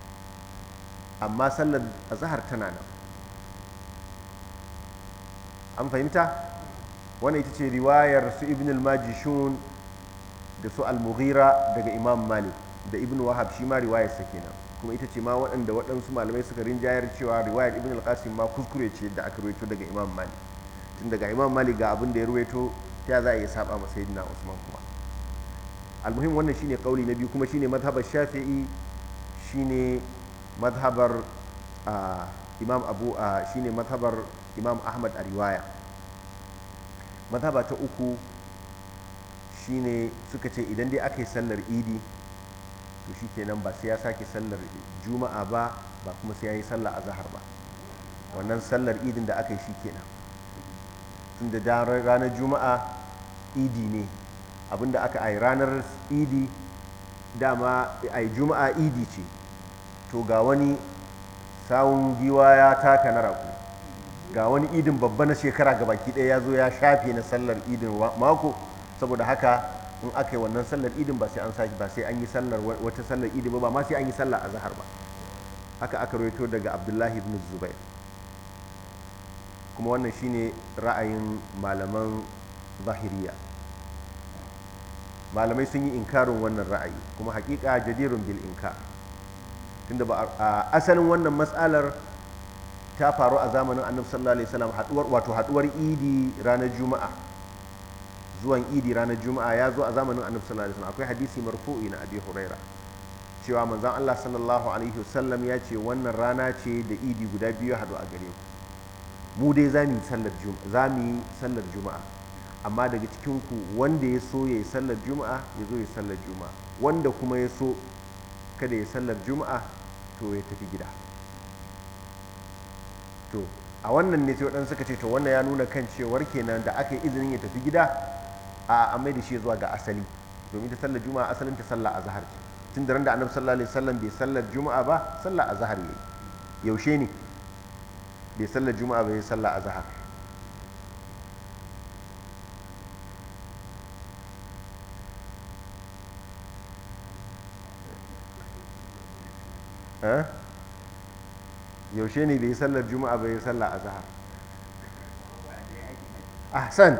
amma sallar azahar tana nan an fahimta wani ita ce riwayar su ibn al-majishun da su al-mughira daga imam malik da ibn wahab shi ma riwayar sa kenan kuma ita ce ma waɗanda waɗansu malamai suka rinjayar cewa riwayar ibn al-qasim ma kuskure ce da aka ruwaito daga imam malik tun daga imam malik ga abin da ya ruwaito ta za a iya saba ma sayyidina usman kuma almuhim wannan shine kauli na biyu kuma shine madhhabar shafi'i shine mazhabar ah, imam abu ah, shine madhabar imam ahmad a riwaya mazhaba ta uku shine suka ce idan dai aka yi sallar idi to shi kenan ba sai ya sake sallar juma'a ba ba kuma sai ya yi sallar azahar ba wannan sallar idin da aka yi shi kenan tun da ranar juma'a idi ne abinda aka yi ranar idi dama ai juma'a idi ce to ga wani sawun giwa ya taka na rako ga wani idin babba na shekara ga baki ɗaya ya zo ya shafe na sallar idin mako saboda haka in aka yi wannan sallar idin ba sai an sashi ba sai an yi sallar wata sallar idin ba ba ma sai an yi sallar azahar ba haka aka rawaito daga abdullahi ibn zubair kuma wannan shine ra'ayin malaman zahiriya malamai sun yi inkarin wannan ra'ayi kuma hakika jadirun bil inkar tunda ba asalin wannan matsalar ta faru a zamanin annabi sallallahu alaihi wasallam haduwar wato haduwar idi ranar juma'a zuwan idi ranar juma'a ya zo a zamanin annabi sallallahu alaihi wasallam akwai hadisi marfu'i na abi huraira cewa manzon Allah sallallahu alaihi wasallam ya ce wannan rana ce da idi guda biyu hadu a gare ku mu dai zamu sallar juma'a zamu sallar juma'a amma daga cikin ku wanda ya so ya yi sallar juma'a ya zo ya sallar juma'a wanda kuma ya so kada ya sallar juma'a to ya tafi gida to a wannan ne sai waɗansu suka ce to wannan ya nuna kan cewar kenan da aka yi izinin ya tafi gida a amai da shi zuwa ga asali domin ta sallar juma'a asalin ta sallar azahar ce tun da randa da annabi sallallahu alaihi wasallam bai sallar juma'a ba sallar azahar yayi yaushe ne bai sallar juma'a ba ya sallar azahar. yaushe ne da yi sallar juma'a bai yi sallar azahar ahsant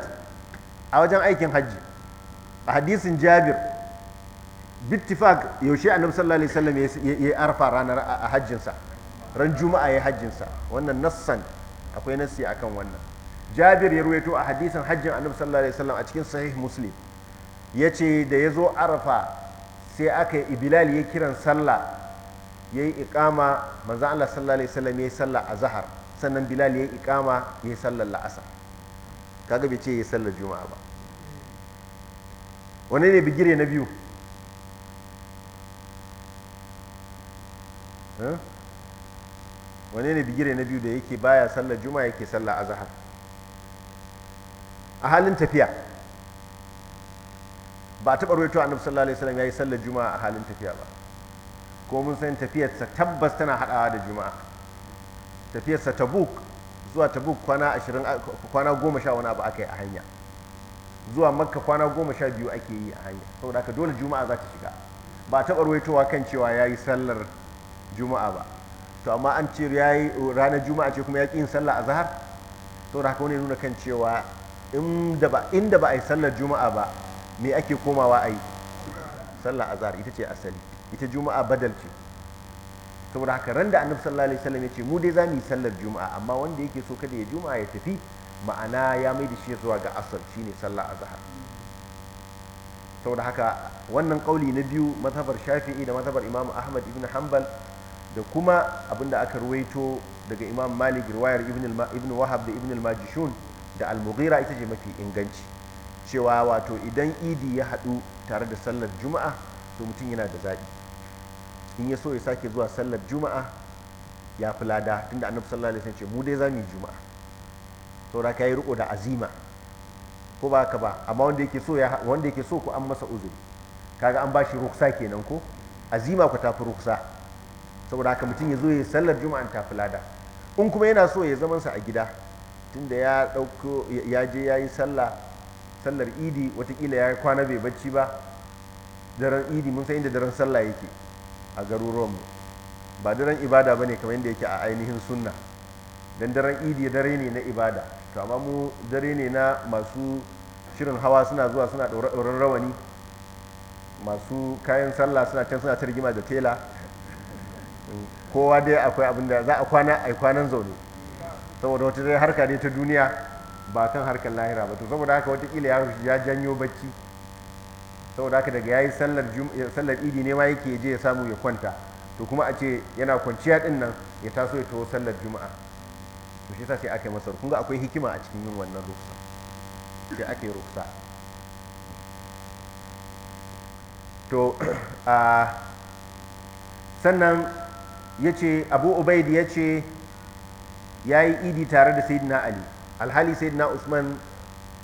a wajen aikin hajji a hadisin jabir bittifak yaushe annabi sallallahu alaihi wasallam ya arfa ranar a hajjinsa ran juma'a ya hajjinsa wannan nassan akwai nassi akan wannan jabir ya ruwaito a hadisin hajjin annabi sallallahu alaihi wasallam a cikin sahih muslim ce da ya zo arfa sai aka yi bilal ya kiran sallah ya yi ikama manzo Allah sallallahu alaihi wasallam ya yi sallah a zahar sannan bilal ya yi ikama ya yi sallar la'asar kaga bai ce ya yi sallar juma'a ba wane ne bigire na biyu wane ne bigire na biyu da yake baya sallar juma'a yake sallar azhar a halin tafiya ba a taɓa ruwaito annabi sallallahu alaihi wasallam ya yi sallar juma'a a halin tafiya ba ko mun san tafiyarsa tabbas tana haɗawa da juma'a tafiyarsa tabuk zuwa tabuk kwana ashirin kwana goma sha wani abu aka yi a hanya zuwa makka kwana goma sha biyu ake yi a hanya saboda haka dole juma'a za ta shiga ba taɓa ruwaitowa kan cewa ya yi sallar juma'a ba to amma an ce ya yi ranar juma'a ce kuma ya ƙi yin sallah a zahar saboda haka wani nuna kan cewa inda ba a yi sallar juma'a ba me ake komawa a yi sallar azhar ita ce asali ita juma'a badal ce saboda haka ran da annabi sallallahu alaihi ya ce mu dai za mu yi sallar juma'a amma wanda yake so kada ya juma'a ya tafi ma'ana ya mai da shi zuwa ga asar shine sallar azhar saboda haka wannan kauli na biyu mazhabar shafi'i da mazhabar imam ahmad ibn hanbal da kuma abinda aka ruwaito daga imam malik riwayar ibn wahab da ibn majishun da al ita ce mafi inganci cewa wato idan idi ya haɗu tare da sallar juma'a to mutum yana da zaɓi in ya so ya sake zuwa sallar juma'a ya fi lada tunda annabi sallallahu alaihi wasallam ce mu dai za mu yi juma'a saboda ka yi riko da azima ko ba haka ba amma wanda yake so ya wanda yake so ku an masa uzuri kaga an bashi ruksa kenan ko azima ku tafi ruksa saboda haka mutum ya zo ya sallar juma'an fi lada in kuma yana so ya zaman sa a gida tunda ya dauko ya je yi sallah sallar idi watakila ya kwana bai bacci ba daren idi mun san inda daren sallah yake a garuruwan mu ba daren ibada ba ne kamar yadda yake a ainihin sunna don daren idi dare ne na ibada to amma mu dare ne na masu shirin hawa suna zuwa suna ɗaurar rawani masu kayan sallah suna can suna targima da tela kowa dai akwai abin da za a kwana a kwanan zaune saboda wata dai harka ne ta duniya ba kan harkar lahira ba to saboda haka wata watakila ya janyo bacci saboda haka daga yayi sallar eh, sallar idi ne ma yake je ya samu ya kwanta to kuma a ce yana kwanciya din nan ya taso ya taho sallar juma'a to shi yasa sai aka yi masa kun ga akwai hikima a cikin yin wannan ruksa sai yi ruksa to a sannan ya abu ubaid ya ce ya yi idi tare da sayyidina ali alhali sayyidina usman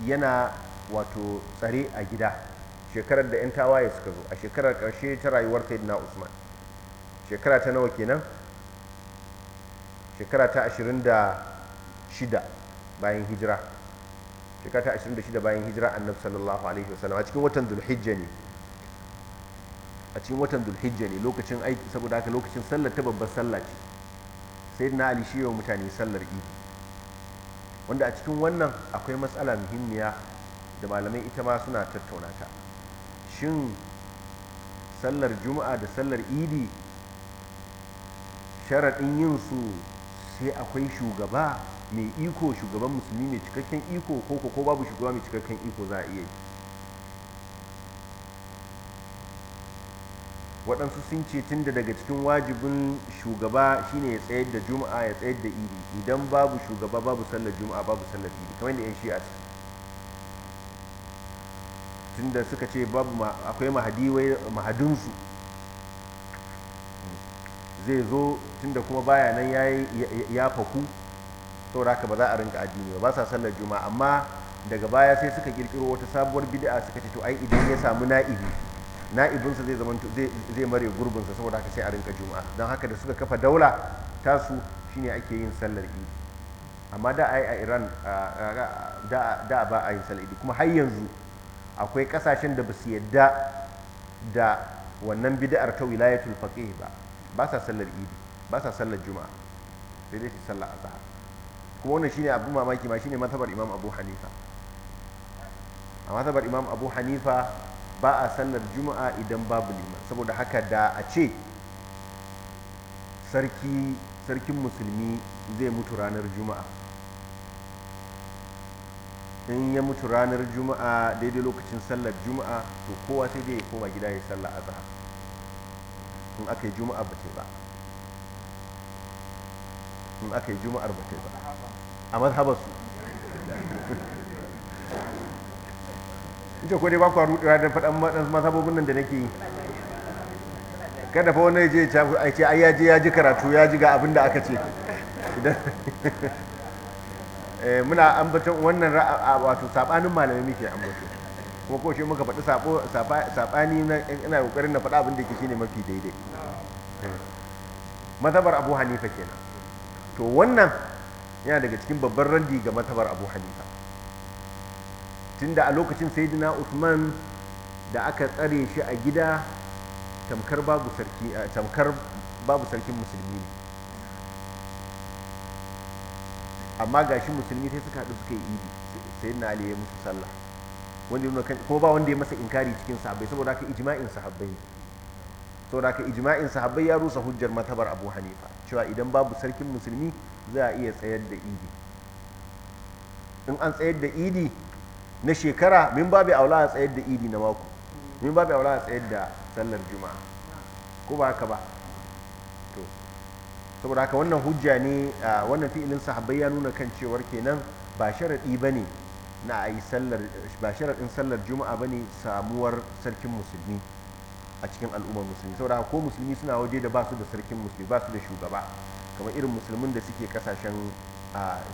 yana wato tsare a gida shekarar da 'yan tawaye suka zo a shekarar ƙarshe ta rayuwar na usman shekara ta nawa kenan shekara ta 26 bayan hijira shekara ta 26 bayan hijira annabi sallallahu alaihi wasallam a cikin watan zulhijja ne a cikin watan zulhijja ne lokacin aiki saboda haka lokacin sallar ta babbar sallah ce sayyidina ali shi yawa mutane sallar idi wanda a cikin wannan akwai matsala muhimmiya da malamai ita ma suna tattauna ta shin sallar juma'a da sallar idi sharaɗin yin su sai akwai shugaba mai iko shugaban musulmi mai cikakken iko ko ko babu shugaba mai cikakken iko za a iya yi waɗansu sun ce tun da daga cikin wajibin shugaba shine ya tsayar da juma'a ya tsayar da idi idan babu shugaba babu sallar juma'a babu sallar idi kamar da 'yan shi'a ciki tunda suka ce babu akwai mahadinsu zai zo tunda kuma baya nan ya faku sauraka ba za a rinka addini ba ba sa sallar juma amma daga baya sai suka kirkiro wata sabuwar bid'a suka ce to ai idan ya samu na'ibi na'ibinsa zai zama zai mare gurbinsa saboda haka sai a rinka juma'a don haka da suka kafa daula tasu shine ake yin sallar idi amma da a iran da ba a yin sallar idi kuma har yanzu akwai kasashen da ba su yadda da wannan bid'ar ta wilayatul faqih ba ba sa sallar idi ba sa sallar juma'a sai dai su sallar azhar kuma wannan shine abu mamaki ma shine matabar imam abu hanifa a matabar imam abu hanifa ba a sallar juma'a idan babu liman saboda haka da a ce sarki sarkin musulmi zai mutu ranar juma'a in ya mutu ranar juma'a daidai lokacin sallar juma'a to kowa sai dai ya koma gida ya sallar azhar in aka yi juma'a ba ta ba in aka yi juma'ar ba ta ba a mazhabar su in ce ko dai ba ku rudu ranar faɗan mazhabobin nan da nake yi kada fa wani ya je ya ce ai ya ji karatu ya ji ga abin da aka ce Eh, muna ambaton wannan wato sabanin malamai muke ambato kuma ko shi muka faɗi sabani na ina kokarin na faɗa abin da yake shine mafi daidai eh. mazhabar Abu Hanifa kenan to wannan yana daga cikin babban randi ga mazhabar Abu Hanifa tunda a lokacin Sayyidina Usman da aka tsare shi a gida tamkar babu sarki eh, tamkar babu sarkin musulmi ne amma shi musulmi sai suka haɗu suka yi idi na ali ya musu sallah wanda yana kan ko ba wanda ya masa inkari cikin sahabbai saboda haka ijma'in sahabbai saboda haka ijma'in sahabbai ya rusa hujjar matabar abu hanifa cewa idan babu sarkin musulmi za a iya tsayar da idi in an tsayar da idi na shekara min babu aula a tsayar da idi na mako min babu aula a tsayar da sallar juma'a ko ba haka ba saboda haka wannan hujja ne wannan fi'ilin sahabbai ya nuna kan cewar kenan ba sharaɗi ba ne na a yi sallar ba sharaɗin sallar juma'a ba ne samuwar sarkin musulmi a cikin al'ummar musulmi saboda ko musulmi suna waje da ba su da sarkin musulmi ba su da shugaba kamar irin musulmin da suke kasashen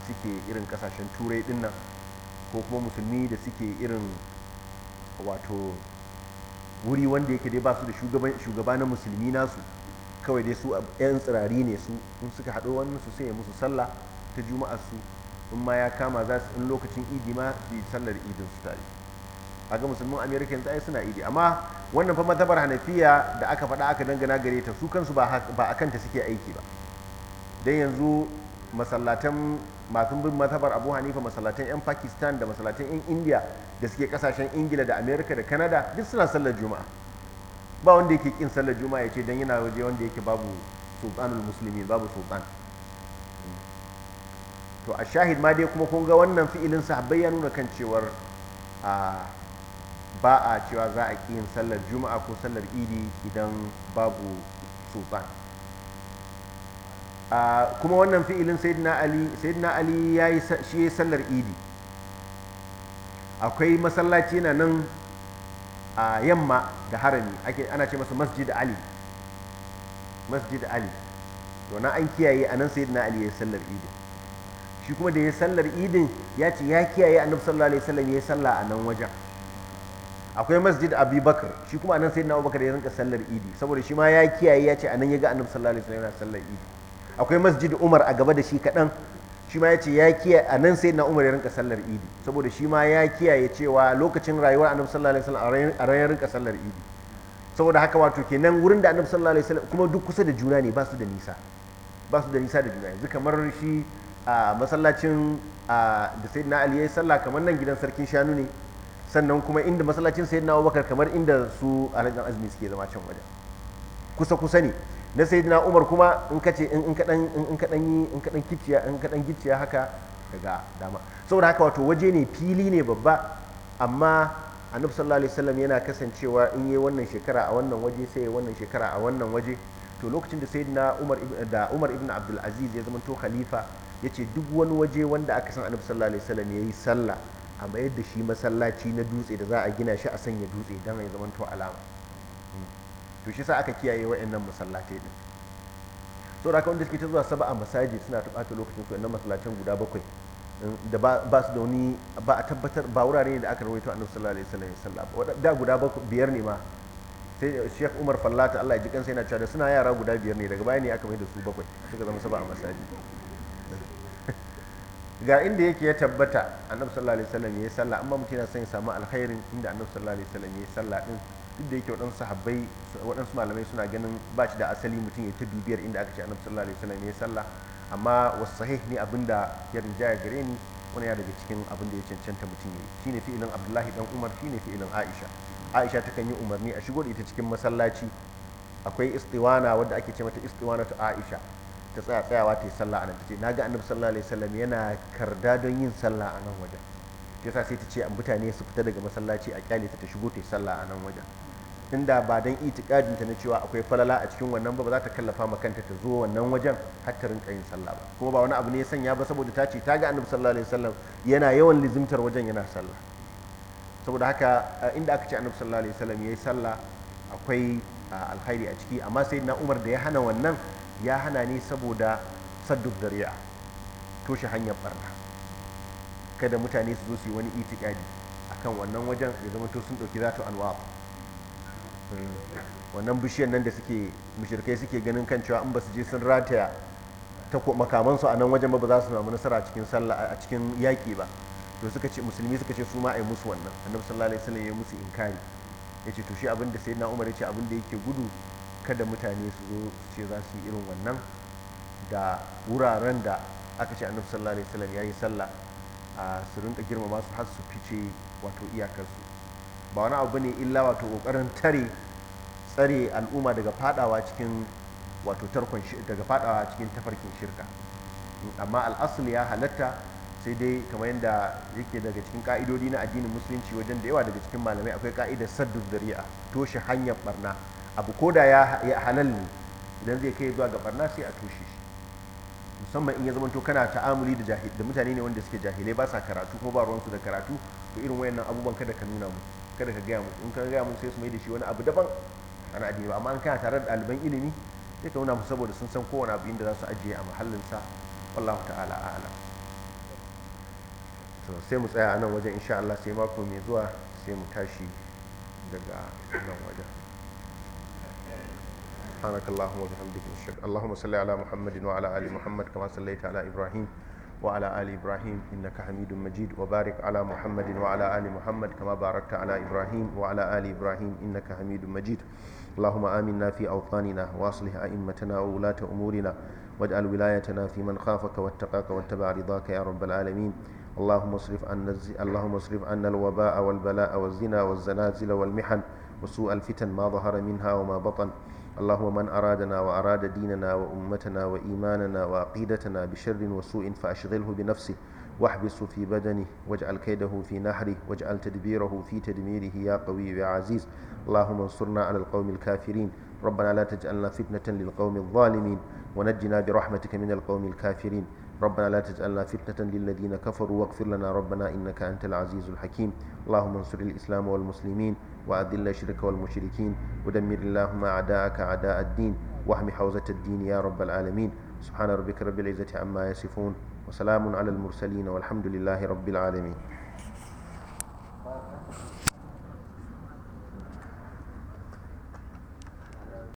suke irin kasashen turai din nan ko kuma musulmi da suke irin wato wuri wanda yake dai ba su da shugaba na musulmi nasu kawai dai su yan tsirari ne su in suka haɗo wannan su sai musu sallah ta juma'a su in ma ya kama za su in lokacin idi ma su yi sallar idin su tare a ga musulmin amerika yanzu ai suna idi amma wannan fa matabar hanafiya da aka faɗa aka dangana gare ta su kansu ba a kanta suke aiki ba dan yanzu masallatan masu bin matabar abu hanifa masallatan 'yan pakistan da masallatan 'yan Indiya da suke kasashen ingila da amerika da canada duk suna sallar juma'a ba wanda yake kin sallar juma'a yace dan yana waje wanda yake babu sultanul musulmi babu sultan to a shahid ma dai kuma kun ga wannan fi'ilin sahabbai ya nuna kan cewar ba a cewa za a kin yin sallar juma'a ko sallar idi idan babu sultan kuma wannan fi'ilin sayyidina ali sayyidina ali yayi shi sallar idi akwai masallaci na nan a yamma da harami ake ana ce masa masjid ali masjid ali to na an kiyaye anan sayyidina ali ya sallar idin shi kuma da ya sallar idin ya ce ya kiyaye annabi sallallahu alaihi wasallam ya salla a nan wajen akwai masjid abubakar shi kuma anan sayyidina abubakar ya rinka sallar idi saboda shi ma ya kiyaye ya ce anan ya ga annabi sallallahu alaihi wasallam yana sallar idi akwai masjid umar a gaba da shi kaɗan shi ma ya ce ya kiyaye a nan sai na umar ya rinka sallar idi saboda shi ma ya kiyaye cewa lokacin rayuwar annabi sallallahu alaihi wasallam a ranar rinka sallar idi saboda haka wato kenan wurin da annabi sallallahu alaihi wasallam kuma duk kusa da juna ne ba su da nisa ba su da nisa da juna yanzu kamar shi a masallacin da sayyidina ali yi sallah kamar nan gidan sarkin shanu ne sannan kuma inda masallacin sayyidina abubakar kamar inda su alhaji azmi suke zama can wajen kusa kusa ne na sayidina umar kuma in ka ce in ka in ka dan in ka dan kiciya in ka dan gicciya haka daga dama saboda haka wato waje ne fili ne babba amma annabi sallallahu alaihi wasallam yana kasancewa in yi wannan shekara a wannan waje sai wannan shekara a wannan waje to lokacin da sayidina umar da umar ibn abdul aziz ya zama to khalifa yace duk wani waje wanda aka san annabi sallallahu alaihi wasallam yayi sallah a mayar da shi masallaci na dutse da za a gina shi a sanya dutse don ya zama to alama to shi sa aka kiyaye wa'annan masallatai din saboda da wanda suke ta zuwa saba a masaji suna ta bata lokacin su wa'annan masallacin guda bakwai da ba su da wani ba a tabbatar ba wurare da aka rawaito annabi sallallahu alaihi wasallam ya salla da guda bakwai biyar ne ma sai Sheikh Umar Fallata Allah ya ji kansa yana cewa da suna yara guda biyar ne daga baya ne aka mai da su bakwai suka zama saba a masaji ga inda yake ya tabbata annabi sallallahu alaihi wasallam ya sallah amma mutum yana son ya samu alkhairin inda annabi sallallahu alaihi wasallam ya sallah din inda da yake waɗansu sahabbai waɗansu malamai suna ganin ba shi da asali mutum ya ta bibiyar inda aka ce annabi sallallahu alaihi wasallam ya sallah amma wasu sahih ne abinda ya ya gare ni wani ya daga cikin abinda da ya cancanta mutum ya yi shine fi'ilin abdullahi dan umar shine fi'ilin aisha aisha takan yi umarni a shigo da ita cikin masallaci akwai istiwana wadda ake ce mata istiwana ta aisha ta tsaya tsayawa ta yi sallah a nan ta ce ga annabi sallallahu alaihi wasallam yana karda don yin sallah a nan wajen shi yasa sai ta ce mutane su fita daga masallaci a kyale ta ta shigo ta yi sallah a nan wajen tunda ba dan itikadin ta na cewa akwai falala a cikin wannan ba ba za ta kallafa ma kanta ta zo wannan wajen har ta rinka sallah ba kuma ba wani abu ne ya sanya ba saboda ta ce ta ga annabi sallallahu alaihi wasallam yana yawan lizimtar wajen yana sallah saboda haka inda aka ce annabi sallallahu alaihi wasallam yayi sallah akwai alkhairi a ciki amma sai na umar da ya hana wannan ya hana ne saboda sadduk dariya toshe hanyar barna kada mutane su zo su yi wani itikadi akan wannan wajen ya zama to sun dauki zatu anwa wannan bishiyar nan da suke mushrikai suke ganin kan cewa in ba su je sun rataya ta makamansu a nan wajen ba ba za su samu nasara a cikin sallah a cikin yaƙi ba to suka ce musulmi suka ce su ma ai musu wannan annabi sallallahu alaihi wasallam ya musu inkari ya ce to shi abin da sayyidina umar ya ce abin da yake gudu kada mutane su zo su ce za su yi irin wannan da wuraren da aka ce annabi sallallahu alaihi wasallam ya yi sallah a su rinka girmama su har su fice wato iyakarsu ba wani abu ne illa wato kokarin tare tsare al'umma daga fadawa cikin wato tarkon daga fadawa cikin tafarkin shirka amma al'asul ya halatta sai dai kamar yadda yake daga cikin ka'idodi na addinin musulunci wajen da yawa daga cikin malamai akwai ka'idar saddu zari'a toshe hanyar barna abu ko da ya halal ne idan zai kai zuwa ga barna sai a toshe shi musamman in ya zama to kana ta'amuli da mutane ne wanda suke jahilai ba sa karatu ko ba ruwansu da karatu to irin wayannan abubuwan kada ka nuna musu kada ka gaya mu in ka gaya mu sai su mai da shi wani abu daban ana addini ba amma an kana tare da ɗaliban ilimi sai ka nuna musu saboda sun san kowane abu inda za su ajiye a mahallinsa wallahu ta'ala a'lam to sai mu tsaya anan wajen insha Allah sai mako mai zuwa sai mu tashi daga nan wajen سبحانك اللهم وبحمدك نشهد اللهم صل على محمد وعلى ال محمد كما صليت على ابراهيم وعلى آل إبراهيم إنك حميد مجيد وبارك على محمد وعلى آل محمد كما باركت على إبراهيم وعلى آل إبراهيم إنك حميد مجيد اللهم آمنا في أوطاننا وأصلح أئمتنا وولاة أمورنا واجعل ولايتنا في من خافك واتقاك واتبع رضاك يا رب العالمين اللهم اصرف عنا اللهم اصرف عنا الوباء والبلاء والزنا والزلازل والمحن وسوء الفتن ما ظهر منها وما بطن اللهم من أرادنا وأراد ديننا وأمتنا وإيماننا وعقيدتنا بشر وسوء فأشغله بنفسه واحبسه في بدنه واجعل كيده في نحره واجعل تدبيره في تدميره يا قوي يا عزيز اللهم انصرنا على القوم الكافرين ربنا لا تجعلنا فتنة للقوم الظالمين ونجنا برحمتك من القوم الكافرين ربنا لا تجعلنا فتنة للذين كفروا واغفر لنا ربنا إنك أنت العزيز الحكيم اللهم انصر الإسلام والمسلمين وأذل الشرك والمشركين ودمر اللهم أعداءك أعداء الدين واحم حوزة الدين يا رب العالمين سبحان ربك رب العزة عما يصفون وسلام على المرسلين والحمد لله رب العالمين